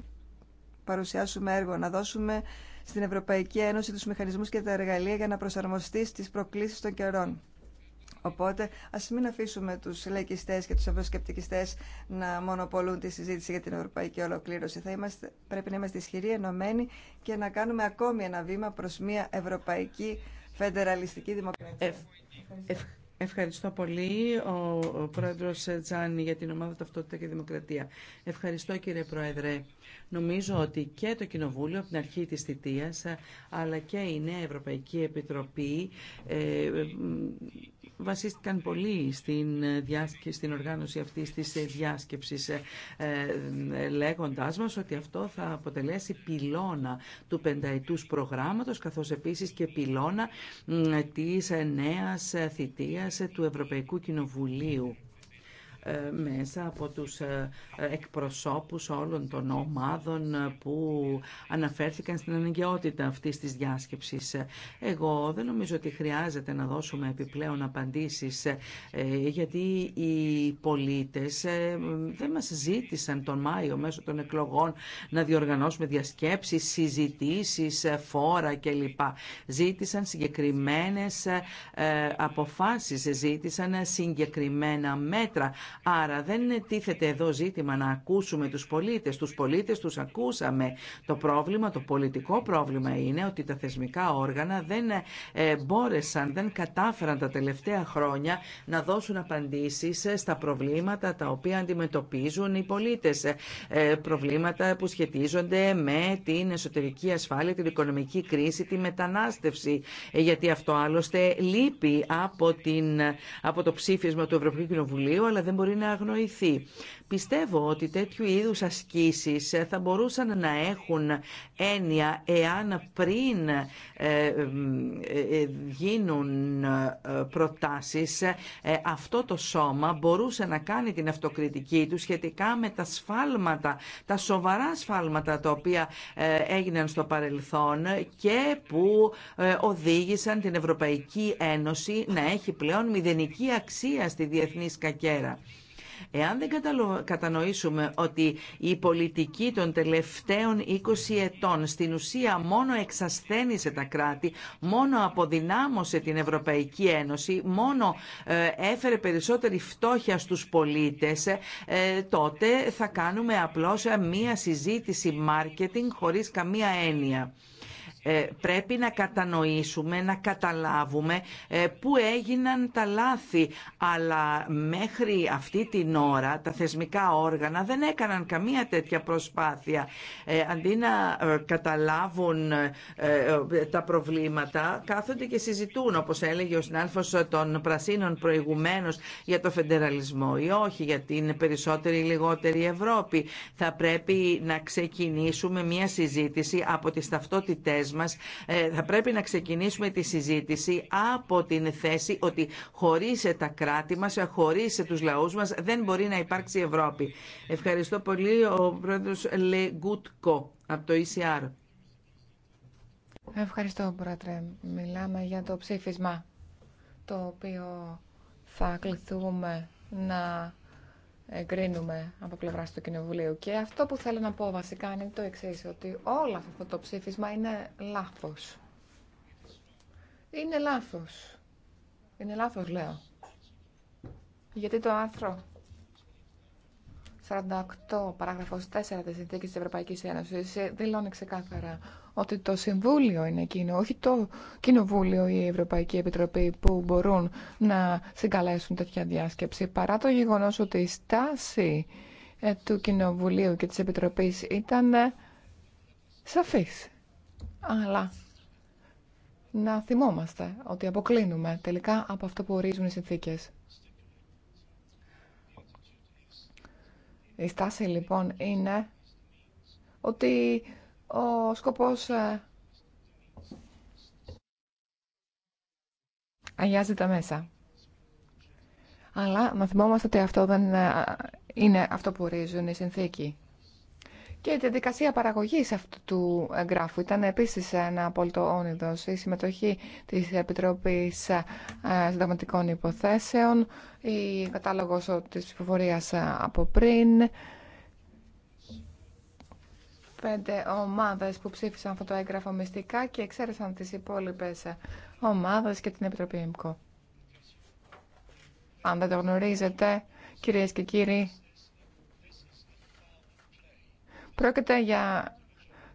Speaker 1: παρουσιάσουμε έργο, να δώσουμε στην Ευρωπαϊκή Ένωση τους μηχανισμούς και τα εργαλεία για να προσαρμοστεί στις προκλήσεις των καιρών. Οπότε ας μην αφήσουμε τους λαϊκιστέ και τους ευρωσκεπτικιστές να μονοπολούν τη συζήτηση για την ευρωπαϊκή ολοκλήρωση. Θα είμαστε, πρέπει να είμαστε ισχυροί, ενωμένοι και να κάνουμε ακόμη ένα βήμα προ μια ευρωπαϊκή
Speaker 2: φεντεραλιστική δημοκρατία. Ευχαριστώ πολύ ο πρόεδρος Τζάνι για την ομάδα Ταυτότητα και Δημοκρατία. Ευχαριστώ κύριε Πρόεδρε. Νομίζω ότι και το Κοινοβούλιο από την αρχή της θητείας αλλά και η Νέα Ευρωπαϊκή Επιτροπή ε, βασίστηκαν πολύ στην, ε, διάσκεψη, στην οργάνωση αυτής της ε, διάσκεψης ε, λέγοντάς μας ότι αυτό θα αποτελέσει πυλώνα του πενταετούς προγράμματος καθώς επίσης και πυλώνα της νέας θητείας του Ευρωπαϊκού Κοινοβουλίου μέσα από τους ε, εκπροσώπους όλων των ομάδων που αναφέρθηκαν στην αναγκαιότητα αυτής της διάσκεψης. Εγώ δεν νομίζω ότι χρειάζεται να δώσουμε επιπλέον απαντήσεις ε, γιατί οι πολίτες ε, δεν μας ζήτησαν τον Μάιο μέσω των εκλογών να διοργανώσουμε διασκέψεις, συζητήσεις, φόρα κλπ. Ζήτησαν συγκεκριμένες αποφάσεις, ζήτησαν συγκεκριμένα μέτρα. Άρα δεν τίθεται εδώ ζήτημα να ακούσουμε τους πολίτες. Τους πολίτες τους ακούσαμε. Το πρόβλημα, το πολιτικό πρόβλημα είναι ότι τα θεσμικά όργανα δεν ε, μπόρεσαν, δεν κατάφεραν τα τελευταία χρόνια να δώσουν απαντήσεις ε, στα προβλήματα τα οποία αντιμετωπίζουν οι πολίτες. Ε, προβλήματα που σχετίζονται με την εσωτερική ασφάλεια, την οικονομική κρίση, τη μετανάστευση. Γιατί αυτό άλλωστε λείπει από, την, από το ψήφισμα του Ευρωπαϊκού Κοινοβουλίου, αλλά μπορεί να αγνοηθεί. Πιστεύω ότι τέτοιου είδους ασκήσεις ε, θα μπορούσαν να έχουν έννοια εάν πριν ε, ε, γίνουν προτάσεις αυτό το σώμα μπορούσε να κάνει την αυτοκριτική του σχετικά με τα σφάλματα, τα σοβαρά σφάλματα τα οποία έγιναν στο παρελθόν και που οδήγησαν την Ευρωπαϊκή Ένωση να έχει πλέον μηδενική αξία στη διεθνή σκακέρα. Εάν δεν κατανοήσουμε ότι η πολιτική των τελευταίων 20 ετών στην ουσία μόνο εξασθένησε τα κράτη, μόνο αποδυνάμωσε την Ευρωπαϊκή Ένωση, μόνο ε, έφερε περισσότερη φτώχεια στους πολίτες, ε, τότε θα κάνουμε απλώς ε, μία συζήτηση marketing χωρίς καμία έννοια. Ε, πρέπει να κατανοήσουμε, να καταλάβουμε ε, πού έγιναν τα λάθη. Αλλά μέχρι αυτή την ώρα τα θεσμικά όργανα δεν έκαναν καμία τέτοια προσπάθεια. Ε, αντί να καταλάβουν τα προβλήματα, κάθονται και συζητούν, όπως έλεγε ο συνάλφος των Πρασίνων προηγουμένως, για το φεντεραλισμό ή όχι, για την περισσότερη ή λιγότερη Ευρώπη. Θα πρέπει να ξεκινήσουμε μια συζήτηση από τις ταυτότητές ε, θα πρέπει να ξεκινήσουμε τη συζήτηση από την θέση ότι χωρίς τα κράτη μας, χωρίς τους λαούς μας δεν μπορεί να υπάρξει Ευρώπη. Ευχαριστώ πολύ ο πρόεδρος Λεγκούτκο από το ECR.
Speaker 3: Ευχαριστώ, Πρόεδρε. Μιλάμε για το ψήφισμα, το οποίο θα κληθούμε να εγκρίνουμε από πλευρά του Κοινοβουλίου. Και αυτό που θέλω να πω βασικά είναι το εξή, ότι όλο αυτό το ψήφισμα είναι λάθο. Είναι λάθο. Είναι λάθο, λέω. Γιατί το άρθρο 48, παράγραφος 4 της Συνθήκης της Ευρωπαϊκής Ένωσης ε, δηλώνει ξεκάθαρα ότι το Συμβούλιο είναι εκείνο, όχι το Κοινοβούλιο ή η Ευρωπαϊκή Επιτροπή που μπορούν να συγκαλέσουν τέτοια διάσκεψη, παρά το γεγονός ότι η στάση ε, του Κοινοβουλίου και της Επιτροπής ήταν ε, σαφής. Αλλά να θυμόμαστε ότι αποκλίνουμε τελικά από αυτό που ορίζουν οι συνθήκες. Η στάση λοιπόν είναι ότι ο σκοπός ε, αγιάζει τα μέσα. Αλλά να θυμόμαστε ότι αυτό δεν ε, είναι αυτό που ορίζουν οι συνθήκη. Και η διαδικασία παραγωγής αυτού του εγγράφου ήταν επίσης ένα απόλυτο όνειρο. Η συμμετοχή τη Επιτροπής ε, Συνταγματικών Υποθέσεων, η κατάλογος της ψηφοφορία από πριν, πέντε ομάδες που ψήφισαν αυτό το έγγραφο μυστικά και εξαίρεσαν τις υπόλοιπες ομάδες και την Επιτροπή ΕΜΚΟ. Αν δεν το γνωρίζετε, κυρίες και κύριοι, πρόκειται για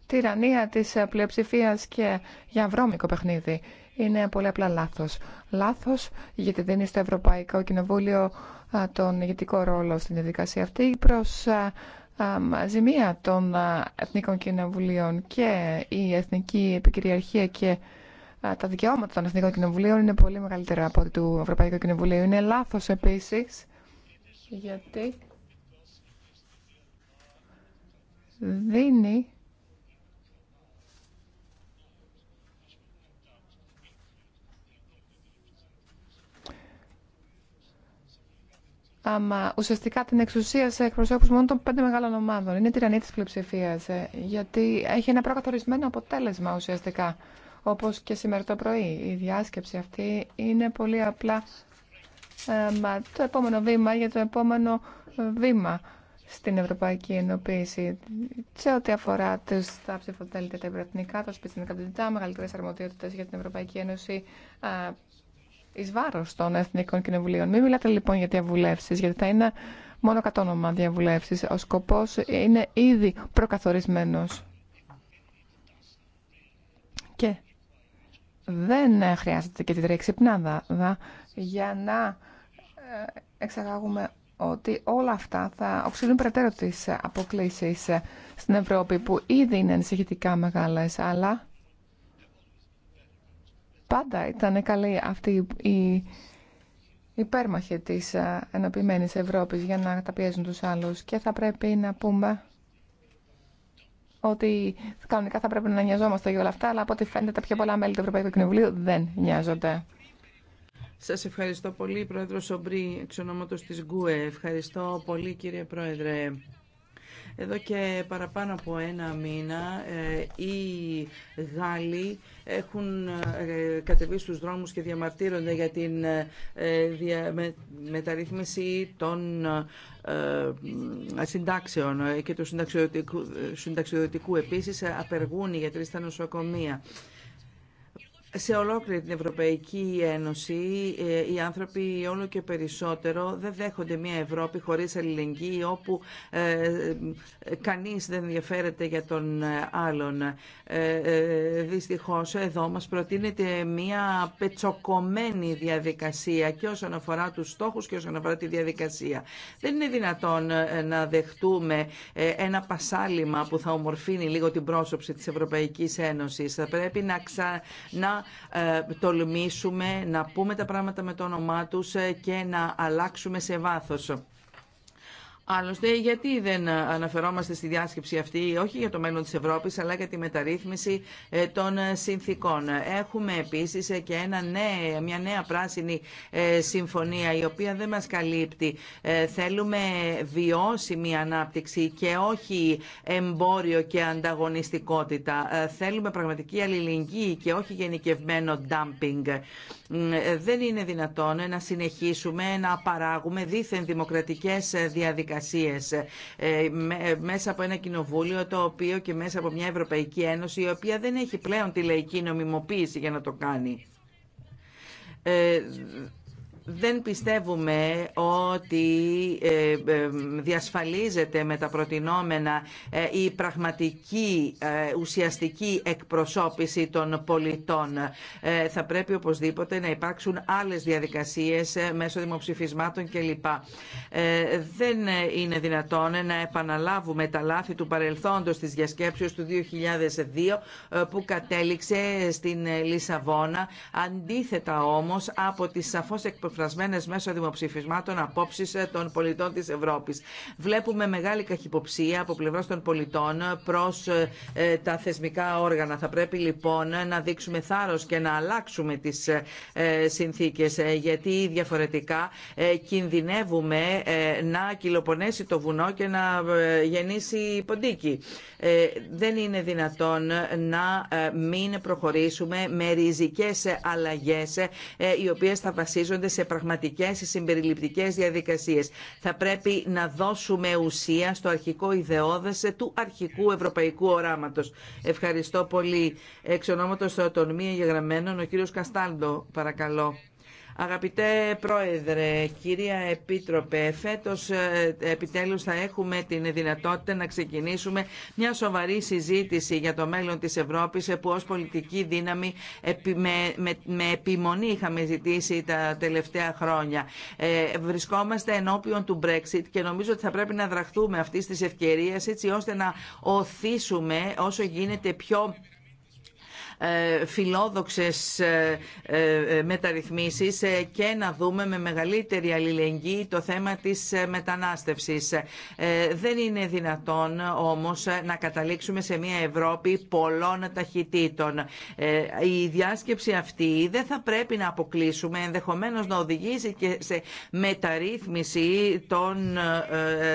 Speaker 3: τυραννία της πλειοψηφίας και για βρώμικο παιχνίδι. Είναι πολύ απλά λάθος. Λάθος γιατί δίνει στο Ευρωπαϊκό Κοινοβούλιο τον ηγετικό ρόλο στην διαδικασία αυτή προς ζημία των Εθνικών Κοινοβουλίων και η εθνική επικυριαρχία και τα δικαιώματα των Εθνικών Κοινοβουλίων είναι πολύ μεγαλύτερα από ό,τι του Ευρωπαϊκού Κοινοβουλίου. Είναι λάθος επίσης, γιατί δίνει άμα ουσιαστικά την εξουσία σε εκπροσώπους μόνο των πέντε μεγάλων ομάδων. Είναι τυραννή της πλειοψηφίας, ε, γιατί έχει ένα προκαθορισμένο αποτέλεσμα ουσιαστικά. Όπως και σήμερα το πρωί, η διάσκεψη αυτή είναι πολύ απλά ε, το επόμενο βήμα για το επόμενο βήμα στην Ευρωπαϊκή Ενωποίηση σε ό,τι αφορά τους τα ψηφοδέλτια τα υπερεθνικά, το σπίτι στην μεγαλύτερε αρμοδιότητε για την Ευρωπαϊκή Ένωση, εις βάρος των Εθνικών Κοινοβουλίων. Μην μιλάτε λοιπόν για διαβουλεύσεις, γιατί θα είναι μόνο κατόνομα διαβουλεύσεις. Ο σκοπός είναι ήδη προκαθορισμένος. Και δεν χρειάζεται και τη τρέξη πνάδα για να ε, εξαγάγουμε ότι όλα αυτά θα οξύνουν περαιτέρω τις αποκλήσεις στην Ευρώπη που ήδη είναι ενσυχητικά μεγάλες, αλλά Πάντα ήταν καλή αυτή η υπέρμαχη της ε, ενοποιημένης Ευρώπης για να τα πιέζουν τους άλλους και θα πρέπει να πούμε ότι κανονικά θα πρέπει να νοιαζόμαστε για όλα αυτά, αλλά από ό,τι φαίνεται τα πιο πολλά μέλη του Ευρωπαϊκού Κοινοβουλίου δεν νοιάζονται.
Speaker 2: Σας ευχαριστώ πολύ, Πρόεδρο Σομπρί, εξ ονόματος της ΓΚΟΕ. Ευχαριστώ πολύ, κύριε Πρόεδρε. Εδώ και παραπάνω από ένα μήνα ε, οι Γάλλοι έχουν ε, κατεβεί στους δρόμους και διαμαρτύρονται για την ε, μεταρρύθμιση των συντάξεων και του συνταξιδοτικού Επίσης απεργούν οι γιατροί στα νοσοκομεία σε ολόκληρη την Ευρωπαϊκή Ένωση ε, οι άνθρωποι όλο και περισσότερο δεν δέχονται μια Ευρώπη χωρίς αλληλεγγύη όπου ε, κανείς δεν ενδιαφέρεται για τον ε, άλλον. Δυστυχώς εδώ μας προτείνεται μια πετσοκομμένη διαδικασία και όσον αφορά τους στόχους και όσον αφορά τη διαδικασία. Δεν είναι δυνατόν να δεχτούμε ένα πασάλιμα που θα ομορφύνει λίγο την πρόσωψη της Ευρωπαϊκής Ένωσης. Θα πρέπει να, να ε, τολμήσουμε να πούμε τα πράγματα με το όνομά τους ε, και να αλλάξουμε σε βάθος. Άλλωστε, γιατί δεν αναφερόμαστε στη διάσκεψη αυτή, όχι για το μέλλον της Ευρώπης, αλλά για τη μεταρρύθμιση ε, των ε, συνθήκων. Έχουμε επίσης ε, και ένα μια νέα πράσινη συμφωνία, η οποία δεν μας καλύπτει. Θέλουμε βιώσιμη ανάπτυξη και όχι εμπόριο και ανταγωνιστικότητα. Θέλουμε πραγματική αλληλεγγύη και όχι γενικευμένο dumping. Δεν είναι δυνατόν να συνεχίσουμε να παράγουμε δίθεν δημοκρατικές διαδικασίες ε, μέσα από ένα κοινοβούλιο το οποίο και μέσα από μια Ευρωπαϊκή Ένωση η οποία δεν έχει πλέον τη λαϊκή νομιμοποίηση για να το κάνει. Ε, δεν πιστεύουμε ότι ε, ε, διασφαλίζεται με τα προτινόμενα ε, η πραγματική ουσιαστική εκπροσώπηση των πολιτών. Θα πρέπει οπωσδήποτε να υπάρξουν άλλες διαδικασίες μέσω δημοψηφισμάτων κλπ. Δεν είναι δυνατόν να επαναλάβουμε τα λάθη του παρελθόντος της διασκέψεως του 2002 που κατέληξε στην Λισαβόνα. Αντίθετα όμως από τις σαφώς φρασμένες μέσω δημοψηφισμάτων απόψει ε, των πολιτών της Ευρώπης. Βλέπουμε μεγάλη καχυποψία από πλευρά των πολιτών προς ε, ε, τα θεσμικά όργανα. Θα πρέπει λοιπόν να δείξουμε θάρρος και να αλλάξουμε τις συνθήκες γιατί διαφορετικά κινδυνεύουμε να κυλοπονέσει το βουνό και να γεννήσει ποντίκι. Δεν είναι δυνατόν να μην προχωρήσουμε με ριζικές αλλαγές οι οποίες θα βασίζονται σε σε πραγματικές συμπεριληπτικές διαδικασίες. Θα πρέπει να δώσουμε ουσία στο αρχικό ιδεώδες του αρχικού ευρωπαϊκού οράματος. Ευχαριστώ πολύ. Εξ ονόματος των μη ο κύριος Καστάλντο, παρακαλώ. Αγαπητέ Πρόεδρε, κυρία Επίτροπε, φέτος ε, επιτέλους θα έχουμε την δυνατότητα να ξεκινήσουμε μια σοβαρή συζήτηση για το μέλλον της Ευρώπης ε, που ως πολιτική δύναμη με επιμονή είχαμε ζητήσει τα τελευταία χρόνια. Ε, βρισκόμαστε ενώπιον του Brexit και νομίζω ότι θα πρέπει να δραχθούμε αυτή τη ευκαιρία έτσι ώστε να οθήσουμε όσο γίνεται πιο ε, φιλόδοξες ε, ε, μεταρρυθμίσεις και να δούμε με μεγαλύτερη αλληλεγγύη το θέμα της μετανάστευσης. Δεν είναι δυνατόν όμως να καταλήξουμε σε μια Ευρώπη πολλών ταχυτήτων. Η διάσκεψη αυτή δεν θα πρέπει να αποκλείσουμε, ενδεχομένως να οδηγήσει και σε μεταρρύθμιση των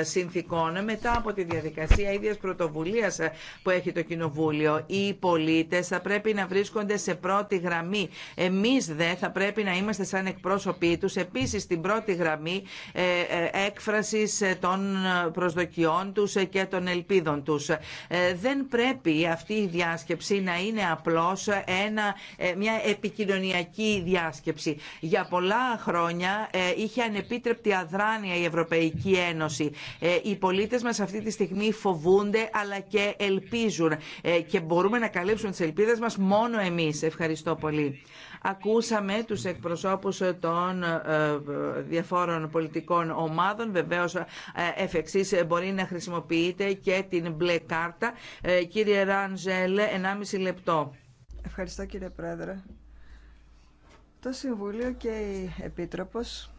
Speaker 2: συνθήκων μετά από τη διαδικασία ίδιας πρωτοβουλίας που έχει το Κοινοβούλιο. Οι πολίτες θα πρέπει να βρίσκονται σε πρώτη γραμμή. Εμεί δε θα πρέπει να είμαστε σαν εκπρόσωποι τους επίσης στην πρώτη γραμμή ε, ε, έκφρασης ε, των προσδοκιών τους και των ελπίδων τους. Δεν πρέπει αυτή η διάσκεψη να είναι απλώς μια επικοινωνιακή διάσκεψη. Για πολλά χρόνια είχε ανεπίτρεπτη αδράνεια η Ευρωπαϊκή Ένωση. Οι πολίτες μα αυτή τη στιγμή φοβούνται αλλά και ελπίζουν και μπορούμε να καλύψουμε τι ελπίδε μας μόνο εμείς. Ευχαριστώ πολύ. Ακούσαμε τους εκπροσώπους των ε, διαφόρων πολιτικών ομάδων. Βεβαίως, ε, εφ' μπορεί να χρησιμοποιείτε και την μπλε κάρτα. Ε, κύριε Ράνζελ, 1,5 λεπτό. Ευχαριστώ κύριε Πρόεδρε. Το
Speaker 1: Συμβούλιο και η Επίτροπος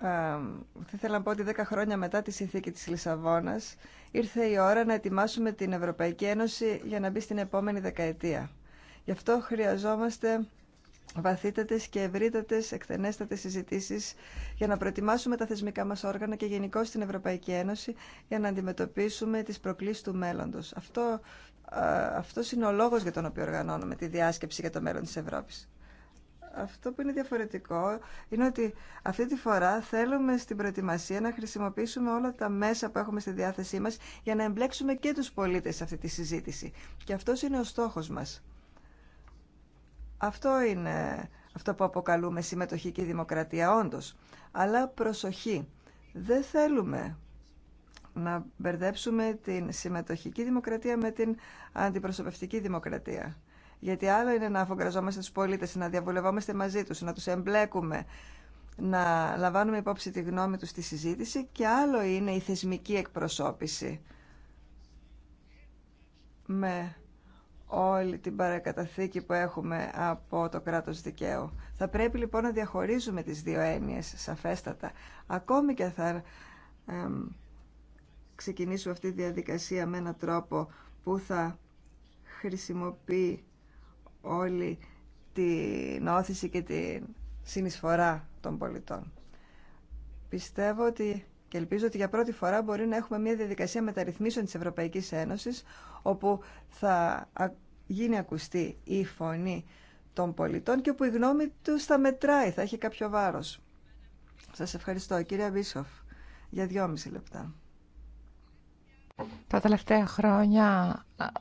Speaker 1: θα ήθελα να πω ότι δέκα χρόνια μετά τη συνθήκη της Λισαβόνας ήρθε η ώρα να ετοιμάσουμε την Ευρωπαϊκή Ένωση για να μπει στην επόμενη δεκαετία. Γι' αυτό χρειαζόμαστε βαθύτατες και ευρύτατες εκτενέστατες συζητήσεις για να προετοιμάσουμε τα θεσμικά μας όργανα και γενικώ στην Ευρωπαϊκή Ένωση για να αντιμετωπίσουμε τις προκλήσεις του μέλλοντος. Αυτό, ε, αυτός είναι ο λόγος για τον οποίο οργανώνουμε τη διάσκεψη για το μέλλον της Ευρώπης. Αυτό που είναι διαφορετικό είναι ότι αυτή τη φορά θέλουμε στην προετοιμασία να χρησιμοποιήσουμε όλα τα μέσα που έχουμε στη διάθεσή μας για να εμπλέξουμε και τους πολίτες σε αυτή τη συζήτηση. Και αυτός είναι ο στόχος μας. Αυτό είναι αυτό που αποκαλούμε συμμετοχική δημοκρατία, όντως. Αλλά προσοχή, δεν θέλουμε να μπερδέψουμε την συμμετοχική δημοκρατία με την αντιπροσωπευτική δημοκρατία. Γιατί άλλο είναι να αφογκραζόμαστε του πολίτε, να διαβουλευόμαστε μαζί τους, να τους εμπλέκουμε, να λαμβάνουμε υπόψη τη γνώμη τους στη συζήτηση και άλλο είναι η θεσμική εκπροσώπηση με όλη την παρακαταθήκη που έχουμε από το κράτος δικαίου. Θα πρέπει λοιπόν να διαχωρίζουμε τις δύο έννοιες σαφέστατα. Ακόμη και θα ξεκινήσω ξεκινήσουμε αυτή τη διαδικασία με έναν τρόπο που θα χρησιμοποιεί όλη την όθηση και τη συνεισφορά των πολιτών. Πιστεύω ότι και ελπίζω ότι για πρώτη φορά μπορεί να έχουμε μια διαδικασία μεταρρυθμίσεων της Ευρωπαϊκής Ένωσης όπου θα γίνει ακουστή η φωνή των πολιτών και όπου η γνώμη τους θα μετράει, θα έχει κάποιο βάρος.
Speaker 3: Σας ευχαριστώ. Κύριε Βίσοφ, για δυόμιση λεπτά. Τα τελευταία χρόνια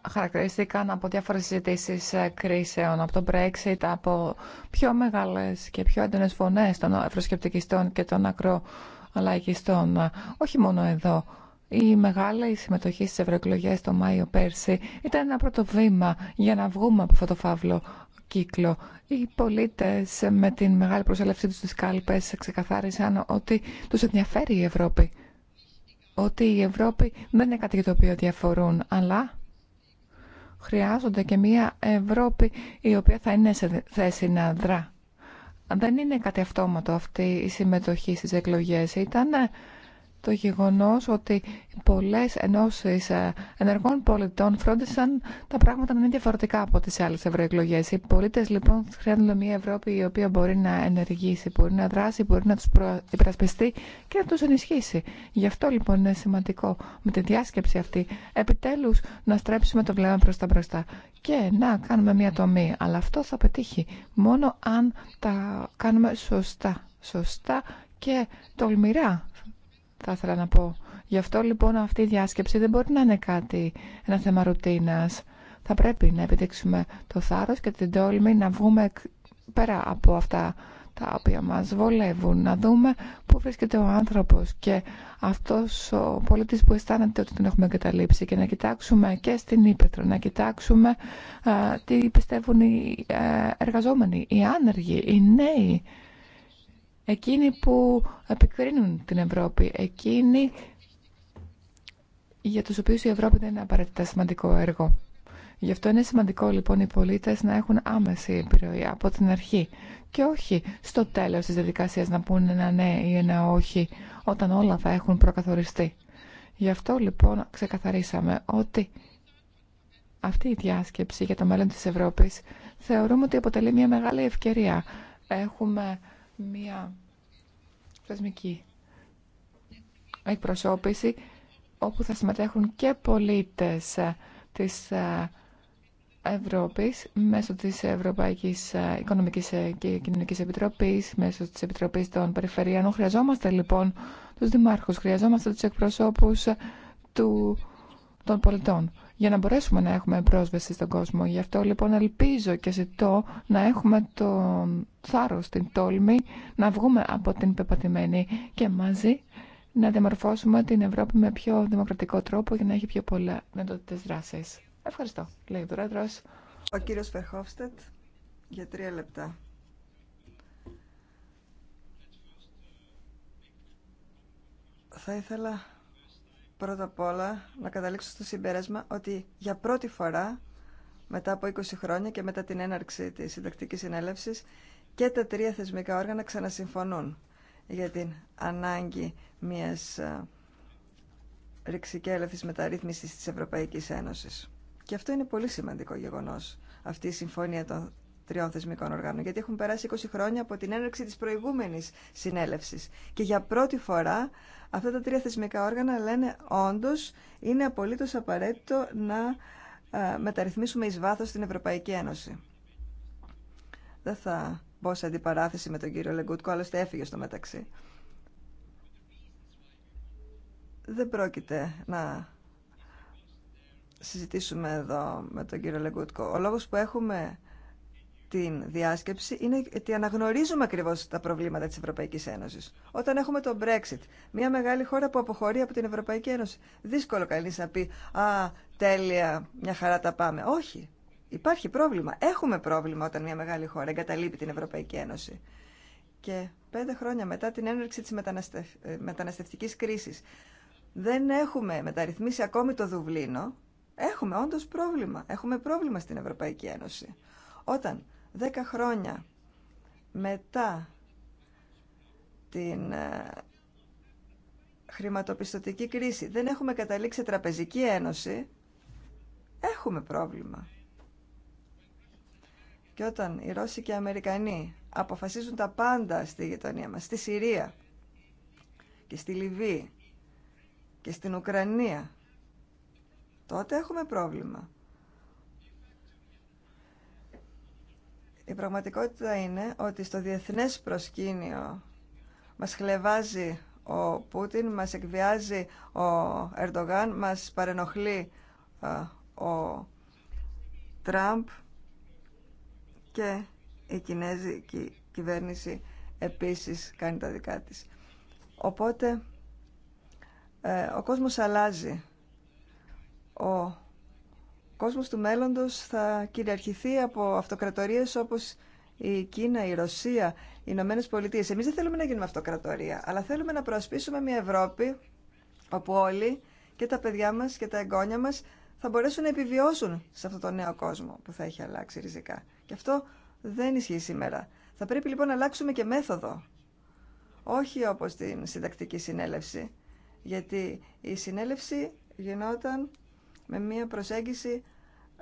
Speaker 3: χαρακτηρίστηκαν από διάφορες συζητήσει ε, κρίσεων, από το Brexit, από πιο μεγάλες και πιο έντονες φωνές των ευρωσκεπτικιστών και των ακρολαϊκιστών. Όχι μόνο εδώ. Η μεγάλη συμμετοχή στις ευρωεκλογέ το Μάιο πέρσι ήταν ένα πρώτο βήμα για να βγούμε από αυτό το φαύλο κύκλο. Οι πολίτες με την μεγάλη προσέλευσή τους στις κάλπες ξεκαθάρισαν ότι τους ενδιαφέρει η Ευρώπη ότι η Ευρώπη δεν είναι κάτι για το οποίο διαφορούν, αλλά χρειάζονται και μια Ευρώπη η οποία θα είναι σε θέση να δρά. Δεν είναι κάτι αυτόματο αυτή η συμμετοχή στις εκλογές. Ήταν το γεγονός ότι πολλές ενώσεις ε, ενεργών πολιτών φρόντισαν τα πράγματα να είναι διαφορετικά από τις άλλες ευρωεκλογέ. Οι πολίτες λοιπόν χρειάζονται μια Ευρώπη η οποία μπορεί να ενεργήσει, μπορεί να δράσει, μπορεί να τους προ... υπερασπιστεί και να τους ενισχύσει. Γι' αυτό λοιπόν είναι σημαντικό με τη διάσκεψη αυτή επιτέλους να στρέψουμε το βλέμμα προς τα μπροστά και να κάνουμε μια τομή. Αλλά αυτό θα πετύχει μόνο αν τα κάνουμε σωστά, σωστά και τολμηρά θα ήθελα να πω. Γι' αυτό λοιπόν αυτή η διάσκεψη δεν μπορεί να είναι κάτι, ένα θέμα ρουτίνας. Θα πρέπει να επιτύξουμε το θάρρος και την τόλμη να βγούμε πέρα από αυτά τα οποία μας βολεύουν, να δούμε πού βρίσκεται ο άνθρωπος και αυτός ο πολίτης που αισθάνεται ότι τον έχουμε εγκαταλείψει και να κοιτάξουμε και στην Ήπετρο, να κοιτάξουμε τι πιστεύουν οι ε, εργαζόμενοι, οι άνεργοι, οι νέοι εκείνοι που επικρίνουν την Ευρώπη, εκείνοι για τους οποίους η Ευρώπη δεν είναι απαραίτητα σημαντικό έργο. Γι' αυτό είναι σημαντικό λοιπόν οι πολίτες να έχουν άμεση επιρροή από την αρχή και όχι στο τέλος της διαδικασίας να πούνε ένα ναι ή ένα όχι όταν όλα θα έχουν προκαθοριστεί. Γι' αυτό λοιπόν ξεκαθαρίσαμε ότι αυτή η διάσκεψη για το μέλλον της Ευρώπης θεωρούμε ότι αποτελεί μια μεγάλη ευκαιρία. Έχουμε μια θεσμική εκπροσώπηση όπου θα συμμετέχουν και πολίτες της ε, Ευρώπης μέσω της Ευρωπαϊκής ε, Οικονομικής ε, και Κοινωνικής Επιτροπής, μέσω της Επιτροπής των Περιφερειών. Χρειαζόμαστε λοιπόν τους δημάρχους, χρειαζόμαστε τους εκπροσώπους του των πολιτών για να μπορέσουμε να έχουμε πρόσβαση στον κόσμο. Γι' αυτό λοιπόν ελπίζω και ζητώ να έχουμε το θάρρος, την τόλμη, να βγούμε από την πεπατημένη και μαζί να διαμορφώσουμε την Ευρώπη με πιο δημοκρατικό τρόπο για να έχει πιο πολλά δυνατότητες δράσεις. Ευχαριστώ, λέει ο Ο κύριος
Speaker 1: για τρία λεπτά. Θα ήθελα πρώτα απ' όλα να καταλήξω στο συμπέρασμα ότι για πρώτη φορά μετά από 20 χρόνια και μετά την έναρξη της συντακτικής συνέλευσης και τα τρία θεσμικά όργανα ξανασυμφωνούν για την ανάγκη μιας ε, ρηξικέλευθης μεταρρύθμισης της Ευρωπαϊκής Ένωσης. Και αυτό είναι πολύ σημαντικό γεγονός, αυτή η συμφωνία των τριών θεσμικών οργάνων, γιατί έχουν περάσει 20 χρόνια από την έναρξη της προηγούμενης συνέλευσης. Και για πρώτη φορά αυτά τα τρία θεσμικά όργανα λένε όντως είναι απολύτως απαραίτητο να ε, μεταρρυθμίσουμε εις βάθος την Ευρωπαϊκή Ένωση. Δεν θα μπω σε αντιπαράθεση με τον κύριο Λεγκούτκο, άλλωστε έφυγε στο μεταξύ. Δεν πρόκειται να συζητήσουμε εδώ με τον κύριο Λεγκούτκο. Ο λόγος που έχουμε την διάσκεψη είναι ότι αναγνωρίζουμε ακριβώ τα προβλήματα τη Ευρωπαϊκή Ένωση. Όταν έχουμε το Brexit, μια μεγάλη χώρα που αποχωρεί από την Ευρωπαϊκή Ένωση, δύσκολο κανεί να πει «Α, τέλεια, μια χαρά τα πάμε». Όχι. Υπάρχει πρόβλημα. Έχουμε πρόβλημα όταν μια μεγάλη χώρα εγκαταλείπει την Ευρωπαϊκή Ένωση. Και πέντε χρόνια μετά την έναρξη τη μεταναστευ... Ε, μεταναστευτικής κρίσης δεν έχουμε μεταρρυθμίσει ακόμη το Δουβλίνο. Έχουμε όντω πρόβλημα. Έχουμε πρόβλημα στην Ευρωπαϊκή Ένωση. Όταν Δέκα χρόνια μετά την ε, χρηματοπιστωτική κρίση δεν έχουμε καταλήξει τραπεζική ένωση, έχουμε πρόβλημα. Και όταν οι Ρώσοι και οι Αμερικανοί αποφασίζουν τα πάντα στη γειτονία μας, στη Συρία και στη Λιβύη και στην Ουκρανία, τότε έχουμε πρόβλημα. Η πραγματικότητα είναι ότι στο διεθνές προσκήνιο μας χλεβάζει ο Πούτιν, μας εκβιάζει ο Ερντογάν, μας παρενοχλεί ε, ο Τραμπ και η Κινέζικη κυβέρνηση επίσης κάνει τα δικά της. Οπότε ε, ο κόσμος αλλάζει. Ο κόσμος του μέλλοντος θα κυριαρχηθεί από αυτοκρατορίες όπως η Κίνα, η Ρωσία, οι Ηνωμένε Πολιτείε. Εμεί δεν θέλουμε να γίνουμε αυτοκρατορία, αλλά θέλουμε να προασπίσουμε μια Ευρώπη όπου όλοι και τα παιδιά μα και τα εγγόνια μα θα μπορέσουν να επιβιώσουν σε αυτό το νέο κόσμο που θα έχει αλλάξει ριζικά. Και αυτό δεν ισχύει σήμερα. Θα πρέπει λοιπόν να αλλάξουμε και μέθοδο. Όχι όπως την συντακτική συνέλευση, γιατί η συνέλευση γινόταν με μια προσέγγιση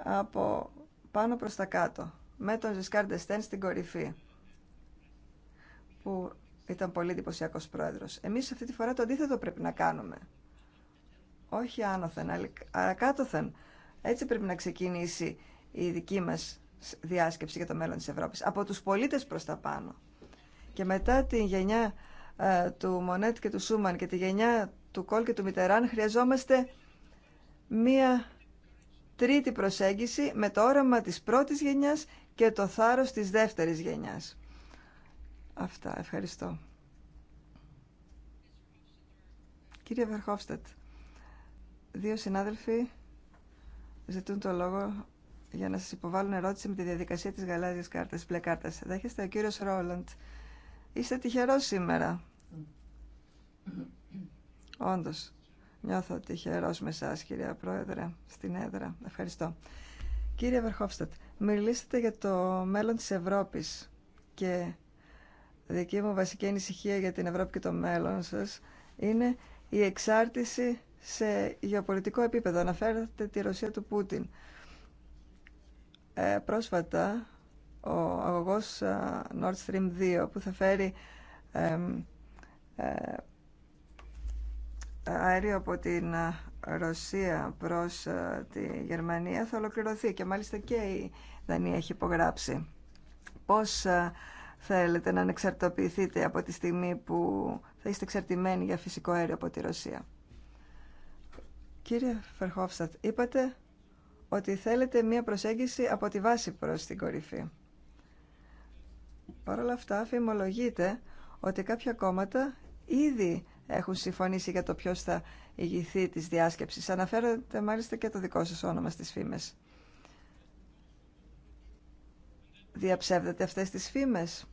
Speaker 1: από πάνω προς τα κάτω, με τον Ζεσκάρ Ντεστέν στην κορυφή, που ήταν πολύ εντυπωσιακό πρόεδρος. Εμείς αυτή τη φορά το αντίθετο πρέπει να κάνουμε. Όχι άνωθεν, αλλά κάτωθεν. Έτσι πρέπει να ξεκινήσει η δική μας διάσκεψη για το μέλλον της Ευρώπης. Από τους πολίτες προς τα πάνω. Και μετά τη γενιά ε, του Μονέτ και του Σούμαν και τη γενιά του Κόλ και του Μιτεράν χρειαζόμαστε μία τρίτη προσέγγιση με το όραμα της πρώτης γενιάς και το θάρρος της δεύτερης γενιάς. Αυτά, ευχαριστώ. Κύριε Βερχόφστατ, δύο συνάδελφοι ζητούν το λόγο για να σας υποβάλουν ερώτηση με τη διαδικασία της γαλάζιας κάρτας, μπλε κάρτας. Δέχεστε ο κύριος Ρόλαντ. Είστε τυχερός σήμερα. Όντως. Νιώθω τυχερός με εσά, κυρία Πρόεδρε, στην έδρα. Ευχαριστώ. Κύριε Βερχόφστατ, μιλήσατε για το μέλλον της Ευρώπης και δική μου βασική ανησυχία για την Ευρώπη και το μέλλον σας είναι η εξάρτηση σε γεωπολιτικό επίπεδο. Αναφέρατε τη Ρωσία του Πούτιν. Ε, πρόσφατα, ο αγωγός ε, Nord Stream 2 που θα φέρει ε, αέριο από την ε, Ρωσία προς ε, τη Γερμανία θα ολοκληρωθεί και μάλιστα και η Δανία έχει υπογράψει. Πώς ε, θέλετε να ανεξαρτοποιηθείτε από τη στιγμή που θα είστε εξαρτημένοι για φυσικό αέριο από τη Ρωσία. Κύριε Φερχόφστατ, είπατε ότι θέλετε μία προσέγγιση από τη βάση προς την κορυφή. Παρ' όλα αυτά, αφημολογείτε ότι κάποια κόμματα ήδη έχουν συμφωνήσει για το ποιος θα ηγηθεί της διάσκεψης. Αναφέρεται μάλιστα και το δικό σας όνομα στις φήμες. Διαψεύδετε αυτές τις φήμες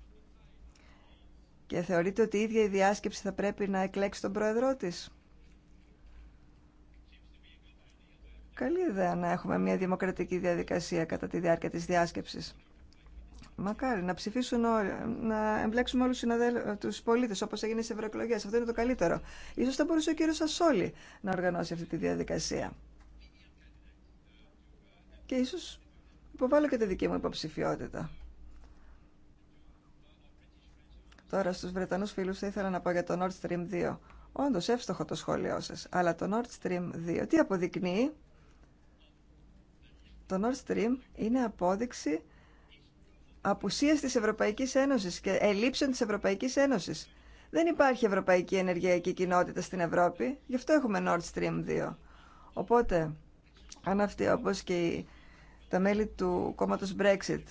Speaker 1: και θεωρείτε ότι η ίδια η διάσκεψη θα πρέπει να εκλέξει τον πρόεδρό της. Καλή ιδέα να έχουμε μια δημοκρατική διαδικασία κατά τη διάρκεια της διάσκεψης. Μακάρι να ψηφίσουν όλοι, να εμπλέξουμε όλου του πολίτε όπω έγινε σε ευρωεκλογέ. Αυτό είναι το καλύτερο. σω θα μπορούσε ο κύριο ασόλη να οργανώσει αυτή τη διαδικασία. Και ίσω υποβάλλω και τη δική μου υποψηφιότητα. Τώρα στους Βρετανούς φίλους θα ήθελα να πω για το Nord Stream 2. Όντω εύστοχο το σχόλιο σα. αλλά το Nord Stream 2 τι αποδεικνύει. Το Nord Stream είναι απόδειξη απουσία τη Ευρωπαϊκή Ένωση και ελλείψεων τη Ευρωπαϊκή Ένωση. Δεν υπάρχει Ευρωπαϊκή Ενεργειακή Κοινότητα στην Ευρώπη, γι' αυτό έχουμε Nord Stream 2. Οπότε, αν αυτοί όπω και τα μέλη του κόμματο Brexit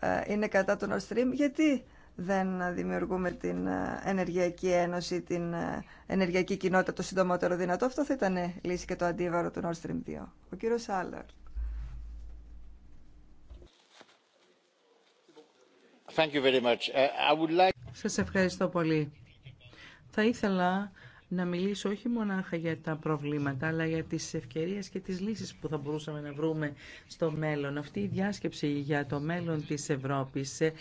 Speaker 1: ε, είναι κατά το Nord Stream, γιατί δεν δημιουργούμε την ε, Ενεργειακή Ένωση, την ε, Ενεργειακή Κοινότητα το συντομότερο δυνατό. Αυτό θα ήταν λύση και το αντίβαρο του Nord Stream 2. Ο κύριο Άλλαρτ.
Speaker 4: Ε,
Speaker 2: Σας ευχαριστώ πολύ. Θα ήθελα να μιλήσω όχι μονάχα για τα προβλήματα, αλλά για τις ευκαιρίες και τις λύσεις που θα μπορούσαμε να βρούμε στο μέλλον. Αυτή η διάσκεψη για το μέλλον της Ευρώπης ε,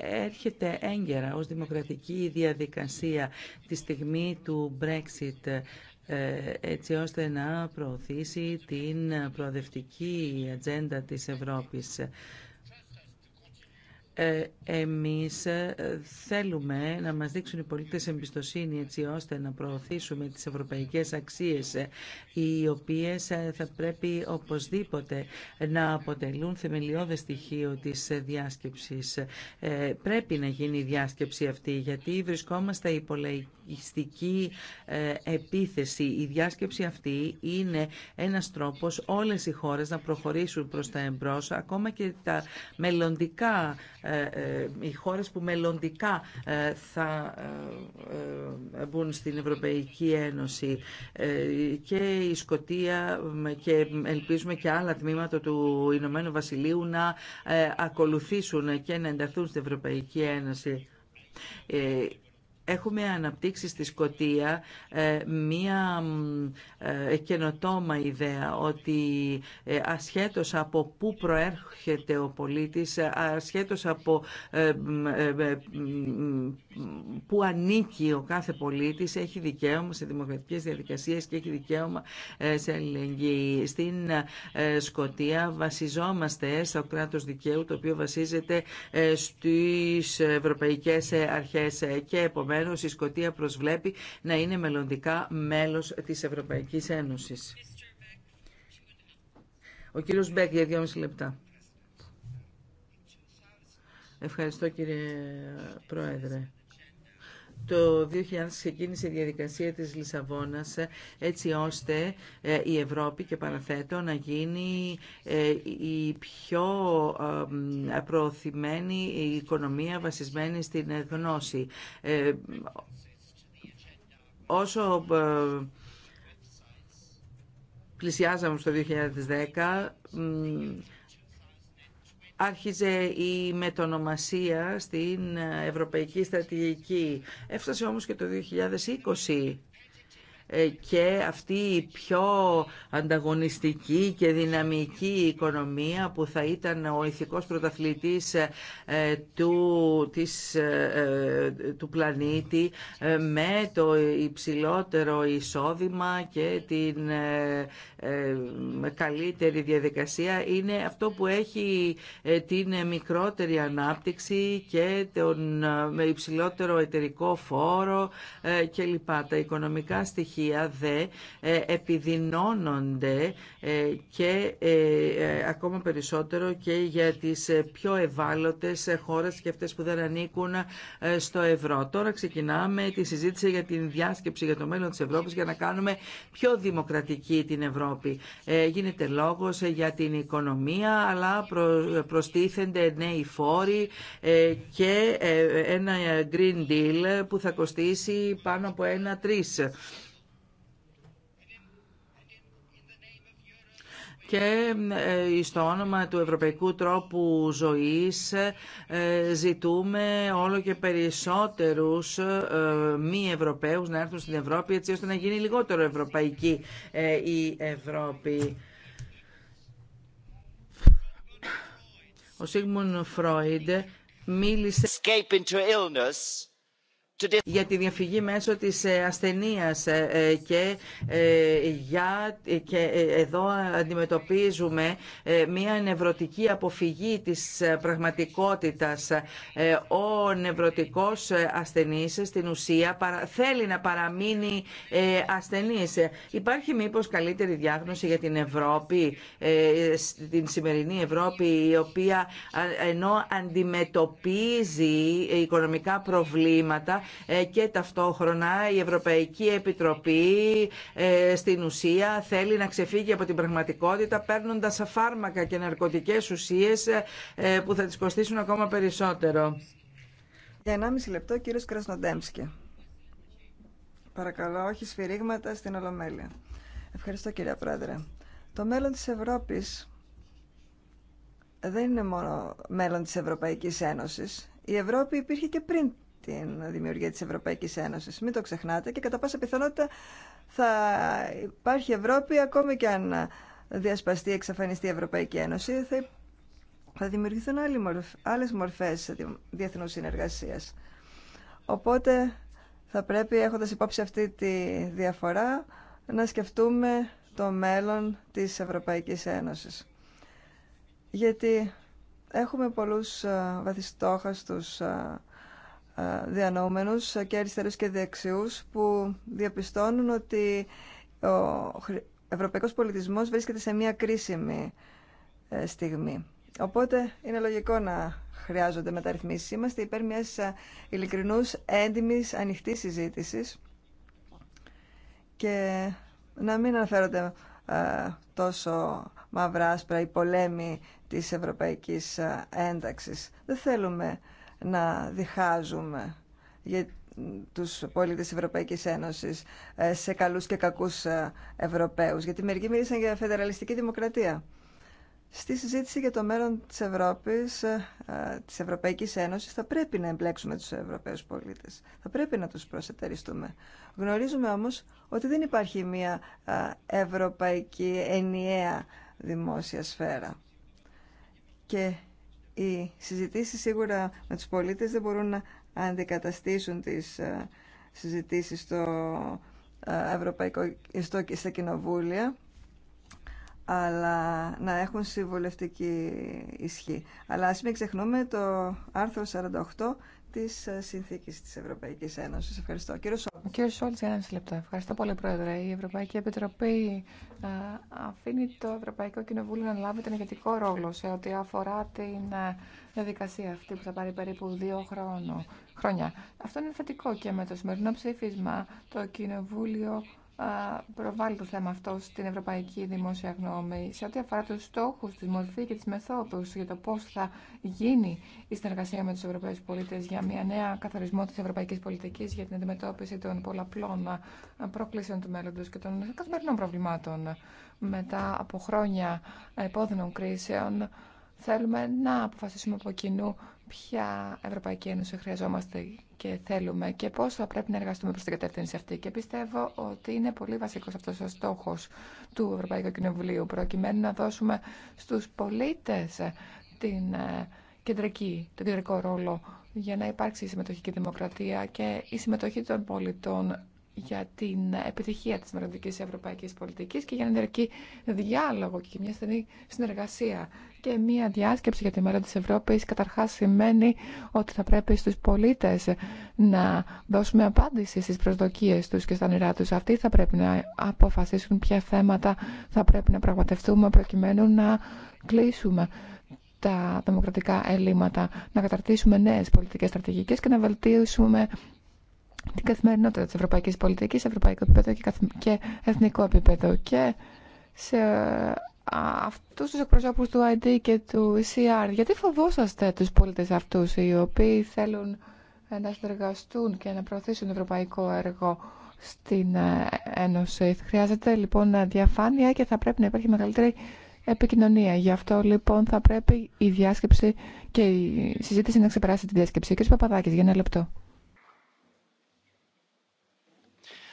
Speaker 2: έρχεται έγκαιρα ως δημοκρατική διαδικασία τη στιγμή του Brexit ε, έτσι ώστε να προωθήσει την προοδευτική ατζέντα της Ευρώπης. Ε, εμείς ε, θέλουμε να μας δείξουν οι πολίτες εμπιστοσύνη έτσι ώστε να προωθήσουμε τις ευρωπαϊκές αξίες ε, οι οποίες θα πρέπει οπωσδήποτε να αποτελούν θεμελιώδες στοιχείο της διάσκεψης. Πρέπει να γίνει η διάσκεψη αυτή γιατί βρισκόμαστε υπό ιστική ε, επίθεση. Η διάσκεψη αυτή είναι ένας τρόπος όλες οι χώρες να προχωρήσουν προς τα εμπρός, ακόμα και τα μελλοντικά, ε, ε, οι χώρες που μελλοντικά θα μπουν στην Ευρωπαϊκή Ένωση και η Σκοτία και ελπίζουμε και άλλα τμήματα του Ηνωμένου Βασιλείου να ακολουθήσουν και να ενταχθούν στην Ευρωπαϊκή Ένωση. Έχουμε αναπτύξει στη Σκοτία ε, μία ε, καινοτόμα ιδέα ότι ε, ασχέτως από πού προέρχεται ο πολίτης, ασχέτως από που ανήκει ο κάθε πολίτης έχει δικαίωμα σε δημοκρατικές διαδικασίες και έχει δικαίωμα ε, σε αλληλεγγύη. Στην ε, Σκοτία βασιζόμαστε στο κράτος δικαίου το οποίο βασίζεται ε, στις ευρωπαϊκές αρχές και επομένως η Σκοτία προσβλέπει να είναι μελλοντικά μέλος της Ευρωπαϊκής Ένωσης. Ο κύριος Μπέκ για δυόμιση λεπτά. Ευχαριστώ κύριε Πρόεδρε το 2000 ξεκίνησε η διαδικασία της Λισαβόνας ε, έτσι ώστε ε, η Ευρώπη και παραθέτω να γίνει ε, η πιο προωθημένη οικονομία βασισμένη στην γνώση. Όσο πλησιάζαμε στο 2010 άρχιζε η μετονομασία στην Ευρωπαϊκή Στρατηγική. Έφτασε όμως και το 2020 ε, και αυτή η πιο ανταγωνιστική και δυναμική οικονομία που θα ήταν ο ηθικός πρωταθλητής ε, του, της, ε, του πλανήτη με το υψηλότερο εισόδημα και την καλύτερη διαδικασία είναι αυτό που έχει την μικρότερη ανάπτυξη και τον με υψηλότερο εταιρικό φόρο και λοιπά. Τα οικονομικά στοιχεία στοιχεία δε ε, επιδεινώνονται ε, και ε, ακόμα περισσότερο και για τις πιο ευάλωτες χώρες και αυτές που δεν ανήκουν στο ευρώ. Τώρα ξεκινάμε τη συζήτηση για την διάσκεψη για το μέλλον της Ευρώπης για να κάνουμε πιο δημοκρατική την Ευρώπη. Γίνεται λόγος για την οικονομία αλλά προστίθενται νέοι φόροι και ένα Green Deal που θα κοστίσει πάνω από ένα τρεις και ε, στο όνομα του ευρωπαϊκού τρόπου ζωής ε, ζητούμε όλο και περισσότερους ε, μη Ευρωπαίους να έρθουν στην Ευρώπη έτσι ώστε να γίνει λιγότερο ευρωπαϊκή η Ευρώπη. Ο Σίγμουν Φρόιντ μίλησε για τη διαφυγή μέσω της ε, ασθενείας ε, ε, και, για, και εδώ αντιμετωπίζουμε μια νευρωτική αποφυγή της πραγματικότητας. Ο νευρωτικός ασθενής στην ουσία θέλει να παραμείνει ασθενής. Υπάρχει μήπως καλύτερη διάγνωση για την Ευρώπη, την σημερινή Ευρώπη η οποία ενώ αντιμετωπίζει οικονομικά προβλήματα ε, και ταυτόχρονα η Ευρωπαϊκή Επιτροπή ε, στην ουσία θέλει να ξεφύγει από την πραγματικότητα παίρνοντας φάρμακα και ναρκωτικές ουσίες ε, που θα τις κοστίσουν ακόμα περισσότερο.
Speaker 1: Για 1,5 λεπτό, κύριο Κρασνοντέμσκι. Παρακαλώ, όχι σφυρίγματα στην Ολομέλεια. Ευχαριστώ, κυρία Πρόεδρε. Το μέλλον της Ευρώπης δεν είναι μόνο μέλλον της Ευρωπαϊκής Ένωσης. Η Ευρώπη υπήρχε και πριν την δημιουργία της Ευρωπαϊκής Ένωσης. Μην το ξεχνάτε και κατά πάσα πιθανότητα θα υπάρχει Ευρώπη ακόμη και αν διασπαστεί, εξαφανιστεί η Ευρωπαϊκή Ένωση. Θα, δημιουργηθούν άλλες μορφές διεθνούς συνεργασίας. Οπότε θα πρέπει έχοντας υπόψη αυτή τη διαφορά να σκεφτούμε το μέλλον της Ευρωπαϊκής Ένωσης. Γιατί έχουμε πολλούς ε, βαθιστόχαστους ε, διανοούμενους και αριστερούς και δεξιούς που διαπιστώνουν ότι ο ευρωπαϊκός πολιτισμός βρίσκεται σε μια κρίσιμη ε, στιγμή. Οπότε είναι λογικό να χρειάζονται μεταρρυθμίσεις. Είμαστε υπέρ μιας ειλικρινούς, έντιμης, ανοιχτής συζήτησης και να μην αναφέρονται τόσο μαυρά άσπρα οι πολέμοι της ευρωπαϊκής ένταξης. Δεν θέλουμε να διχάζουμε για τους πολίτες της Ευρωπαϊκής Ένωσης ε, σε καλούς και κακούς ε, Ευρωπαίους. Γιατί μερικοί μίλησαν για φεδεραλιστική δημοκρατία. Στη συζήτηση για το μέλλον της Ευρώπης, ε, της Ευρωπαϊκής Ένωσης, θα πρέπει να εμπλέξουμε τους Ευρωπαίους πολίτες. Θα πρέπει να τους προσετεριστούμε. Γνωρίζουμε όμως ότι δεν υπάρχει μια ευρωπαϊκή ενιαία δημόσια σφαίρα. Και οι συζητήσεις σίγουρα με τους πολίτες δεν μπορούν να αντικαταστήσουν τις ε, συζητήσεις στο ε, Ευρωπαϊκό, στο, στα κοινοβούλια αλλά να έχουν συμβουλευτική ισχύ. Αλλά ας μην ξεχνούμε το άρθρο 48 Τη ε, συνθήκη της Ευρωπαϊκής Ένωσης. Ευχαριστώ.
Speaker 3: Κύριο Κύριε Σόλτ, για ένα λεπτό. Ευχαριστώ πολύ, Πρόεδρε. Η Ευρωπαϊκή Επιτροπή ε, αφήνει το Ευρωπαϊκό Κοινοβούλιο να λάβει τον ηγετικό ρόλο σε ό,τι αφορά την ε, διαδικασία αυτή που θα πάρει περίπου δύο χρόνια. Αυτό είναι θετικό και με το σημερινό ψήφισμα το Κοινοβούλιο προβάλλει το θέμα αυτό στην ευρωπαϊκή δημόσια γνώμη σε ό,τι αφορά τους στόχους, τη μορφή και τις μεθόδους για το πώς θα γίνει η συνεργασία με τους Ευρωπαίους πολίτες για μια νέα καθορισμό της ευρωπαϊκής πολιτικής για την αντιμετώπιση των πολλαπλών προκλήσεων του μέλλοντος και των καθημερινών προβλημάτων μετά από χρόνια υπόδεινων κρίσεων. Θέλουμε να αποφασίσουμε από κοινού ποια Ευρωπαϊκή Ένωση χρειαζόμαστε και θέλουμε και πώς θα πρέπει να εργαστούμε προς την κατεύθυνση αυτή. Και πιστεύω ότι είναι πολύ βασικός αυτός ο στόχος του Ευρωπαϊκού Κοινοβουλίου προκειμένου να δώσουμε στους πολίτες την ε, κεντρική, τον κεντρικό ρόλο για να υπάρξει η συμμετοχική δημοκρατία και η συμμετοχή των πολιτών για την επιτυχία της μελλοντικής ευρωπαϊκής πολιτικής και για ενεργή διάλογο και μια στενή συνεργασία. Και μια διάσκεψη για τη μέρα της Ευρώπης καταρχάς σημαίνει ότι θα πρέπει στους πολίτες να δώσουμε απάντηση στις προσδοκίες τους και στα νερά τους. Αυτοί θα πρέπει να αποφασίσουν ποια θέματα θα πρέπει να πραγματευτούμε προκειμένου να κλείσουμε τα δημοκρατικά ελλείμματα, να καταρτήσουμε νέες πολιτικές στρατηγικές και να βελτίσουμε την καθημερινότητα της ευρωπαϊκής πολιτικής σε ευρωπαϊκό επίπεδο και εθνικό επίπεδο και σε αυτούς τους εκπροσώπους του ID και του ECR. Γιατί φοβόσαστε τους πολίτες αυτούς οι οποίοι θέλουν να συνεργαστούν και να προωθήσουν ευρωπαϊκό έργο στην ε, Ένωση. Χρειάζεται λοιπόν διαφάνεια και θα πρέπει να υπάρχει μεγαλύτερη επικοινωνία. Γι' αυτό λοιπόν θα πρέπει η διάσκεψη και η συζήτηση να ξεπεράσει τη διάσκεψη. Κύριε Παπαδάκη, για ένα λεπτό.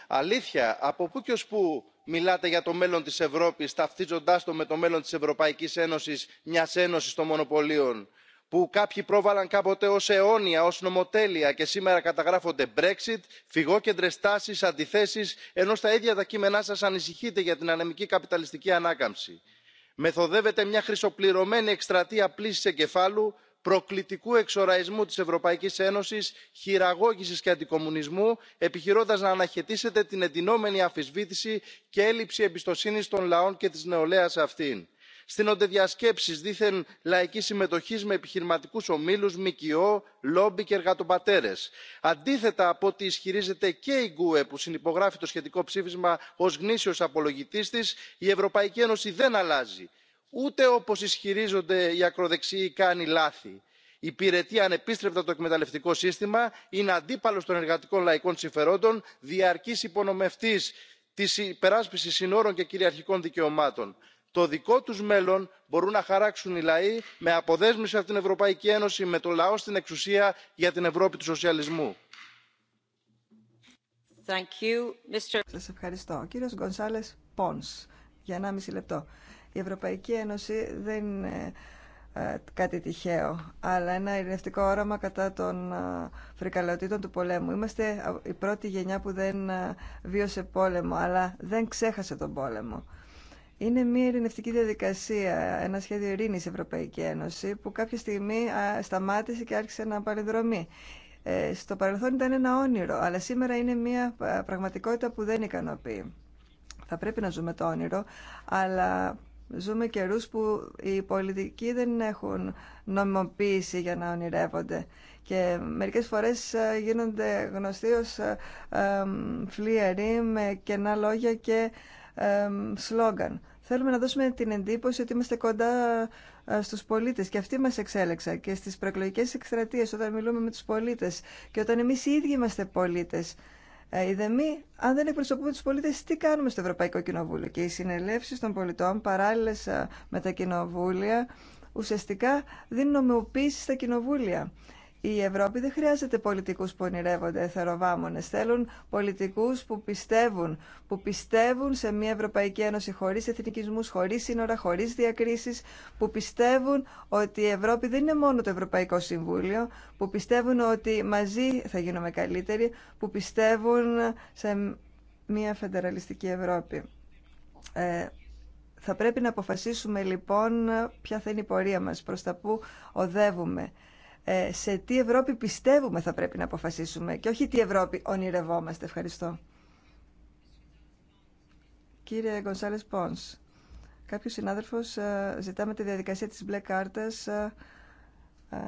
Speaker 4: αλήθεια από πού και ως πού μιλάτε για το μέλλον της ευρώπης ταυτίζοντάς το με το μέλλον της ευρωπαϊκής ένωσης μιας ένωσης των μονοπωλίων που κάποιοι πρόβαλαν κάποτε ως αιώνια ως νομοτέλεια και σήμερα καταγράφονται brexit φυγόκεντρες τάσεις αντιθέσεις ενώ στα ίδια τα κείμενά σας ανησυχείτε για την ανεμική καπιταλιστική ανάκαμψη. μεθοδεύεται μια χρυσοπληρωμένη εκστρατεία πλήση εγκεφάλου προκλητικού εξοραϊσμού της ευρωπαϊκής ένωσης χειραγώγησης και αντικομουνισμού επιχειρώντας να αναχαιτίσετε την εντυνόμενη αμφισβήτηση και έλλειψη εμπιστοσύνης των λαών και της νεολαίας αυτής. αυτήν. στείνονται διασκέψεις δήθεν λαϊκής συμμετοχής με επιχειρηματικούς ομίλους μικιό λόμπι και εργατοπατέρες αντίθετα από ό,τι ισχυρίζεται και η γκουε που συνυπογράφει το σχετικό ψήφισμα ως γνήσιος απολογητής της η ευρωπαϊκή ένωση δεν αλλάζει ούτε όπως ισχυρίζονται οι ακροδεξιοί κάνει λάθη υπηρετεί ανεπίστρεπτα το εκμεταλλευτικό σύστημα είναι αντίπαλο των εργατικών λαϊκών συμφερόντων διαρκή υπονομευτή της υπεράσπισης συνόρων και κυριαρχικών δικαιωμάτων. το δικό τους μέλλον μπορούν να χαράξουν οι λαοί με αποδέσμευση από την ευρωπαϊκή ένωση με το λαό στην εξουσία για την ευρώπη του σοσιαλισμού.
Speaker 1: Η Ευρωπαϊκή Ένωση δεν είναι ε, κάτι τυχαίο, αλλά ένα ειρηνευτικό όραμα κατά των ε, φρικαλαιοτήτων του πολέμου. Είμαστε ε, η πρώτη γενιά που δεν βίωσε πόλεμο, αλλά δεν ξέχασε τον πόλεμο. Είναι μια ειρηνευτική διαδικασία, ένα σχέδιο ειρήνης Ευρωπαϊκή Ένωση, που κάποια στιγμή σταμάτησε και άρχισε να παρεδρομεί. Στο παρελθόν ήταν ένα όνειρο, αλλά σήμερα είναι μια πραγματικότητα που δεν ικανοποιεί. Θα πρέπει να ζούμε το όνειρο, αλλά Ζούμε καιρούς που οι πολιτικοί δεν έχουν νομιμοποίηση για να ονειρεύονται και μερικές φορές ε, γίνονται γνωστοί ως ε, ε, φλίαροι με κενά λόγια και σλόγγαν. Θέλουμε να δώσουμε την εντύπωση ότι είμαστε κοντά στους πολίτες και αυτοί μας εξέλεξαν και στις προεκλογικές εκστρατείες όταν μιλούμε με τους πολίτες και όταν εμείς οι ίδιοι είμαστε πολίτες οι ε, αν δεν εκπροσωπούμε του πολίτε, τι κάνουμε στο Ευρωπαϊκό Κοινοβούλιο. Και οι συνελεύσει των πολιτών, παράλληλε ε, με τα κοινοβούλια, ουσιαστικά δίνουν ομοιοποίηση στα κοινοβούλια η Ευρώπη δεν χρειάζεται πολιτικούς που ονειρεύονται θεροβάμονες. Θέλουν πολιτικούς που πιστεύουν, που πιστεύουν σε μια Ευρωπαϊκή Ένωση χωρίς εθνικισμούς, χωρίς σύνορα, χωρίς διακρίσεις, που πιστεύουν ότι η Ευρώπη δεν είναι μόνο το Ευρωπαϊκό Συμβούλιο, που πιστεύουν ότι μαζί θα γίνουμε καλύτεροι, που πιστεύουν σε μια φεντεραλιστική Ευρώπη. Ε, θα πρέπει να αποφασίσουμε λοιπόν ποια θα είναι η πορεία μας, προς τα που οδεύουμε. Ε, σε τι Ευρώπη πιστεύουμε θα πρέπει να αποφασίσουμε και όχι τι Ευρώπη ονειρευόμαστε. Ευχαριστώ. Κύριε Γκονσάλες Πόνς, κάποιος συνάδελφος ε, ζητά με τη διαδικασία της μπλε κάρτας ε,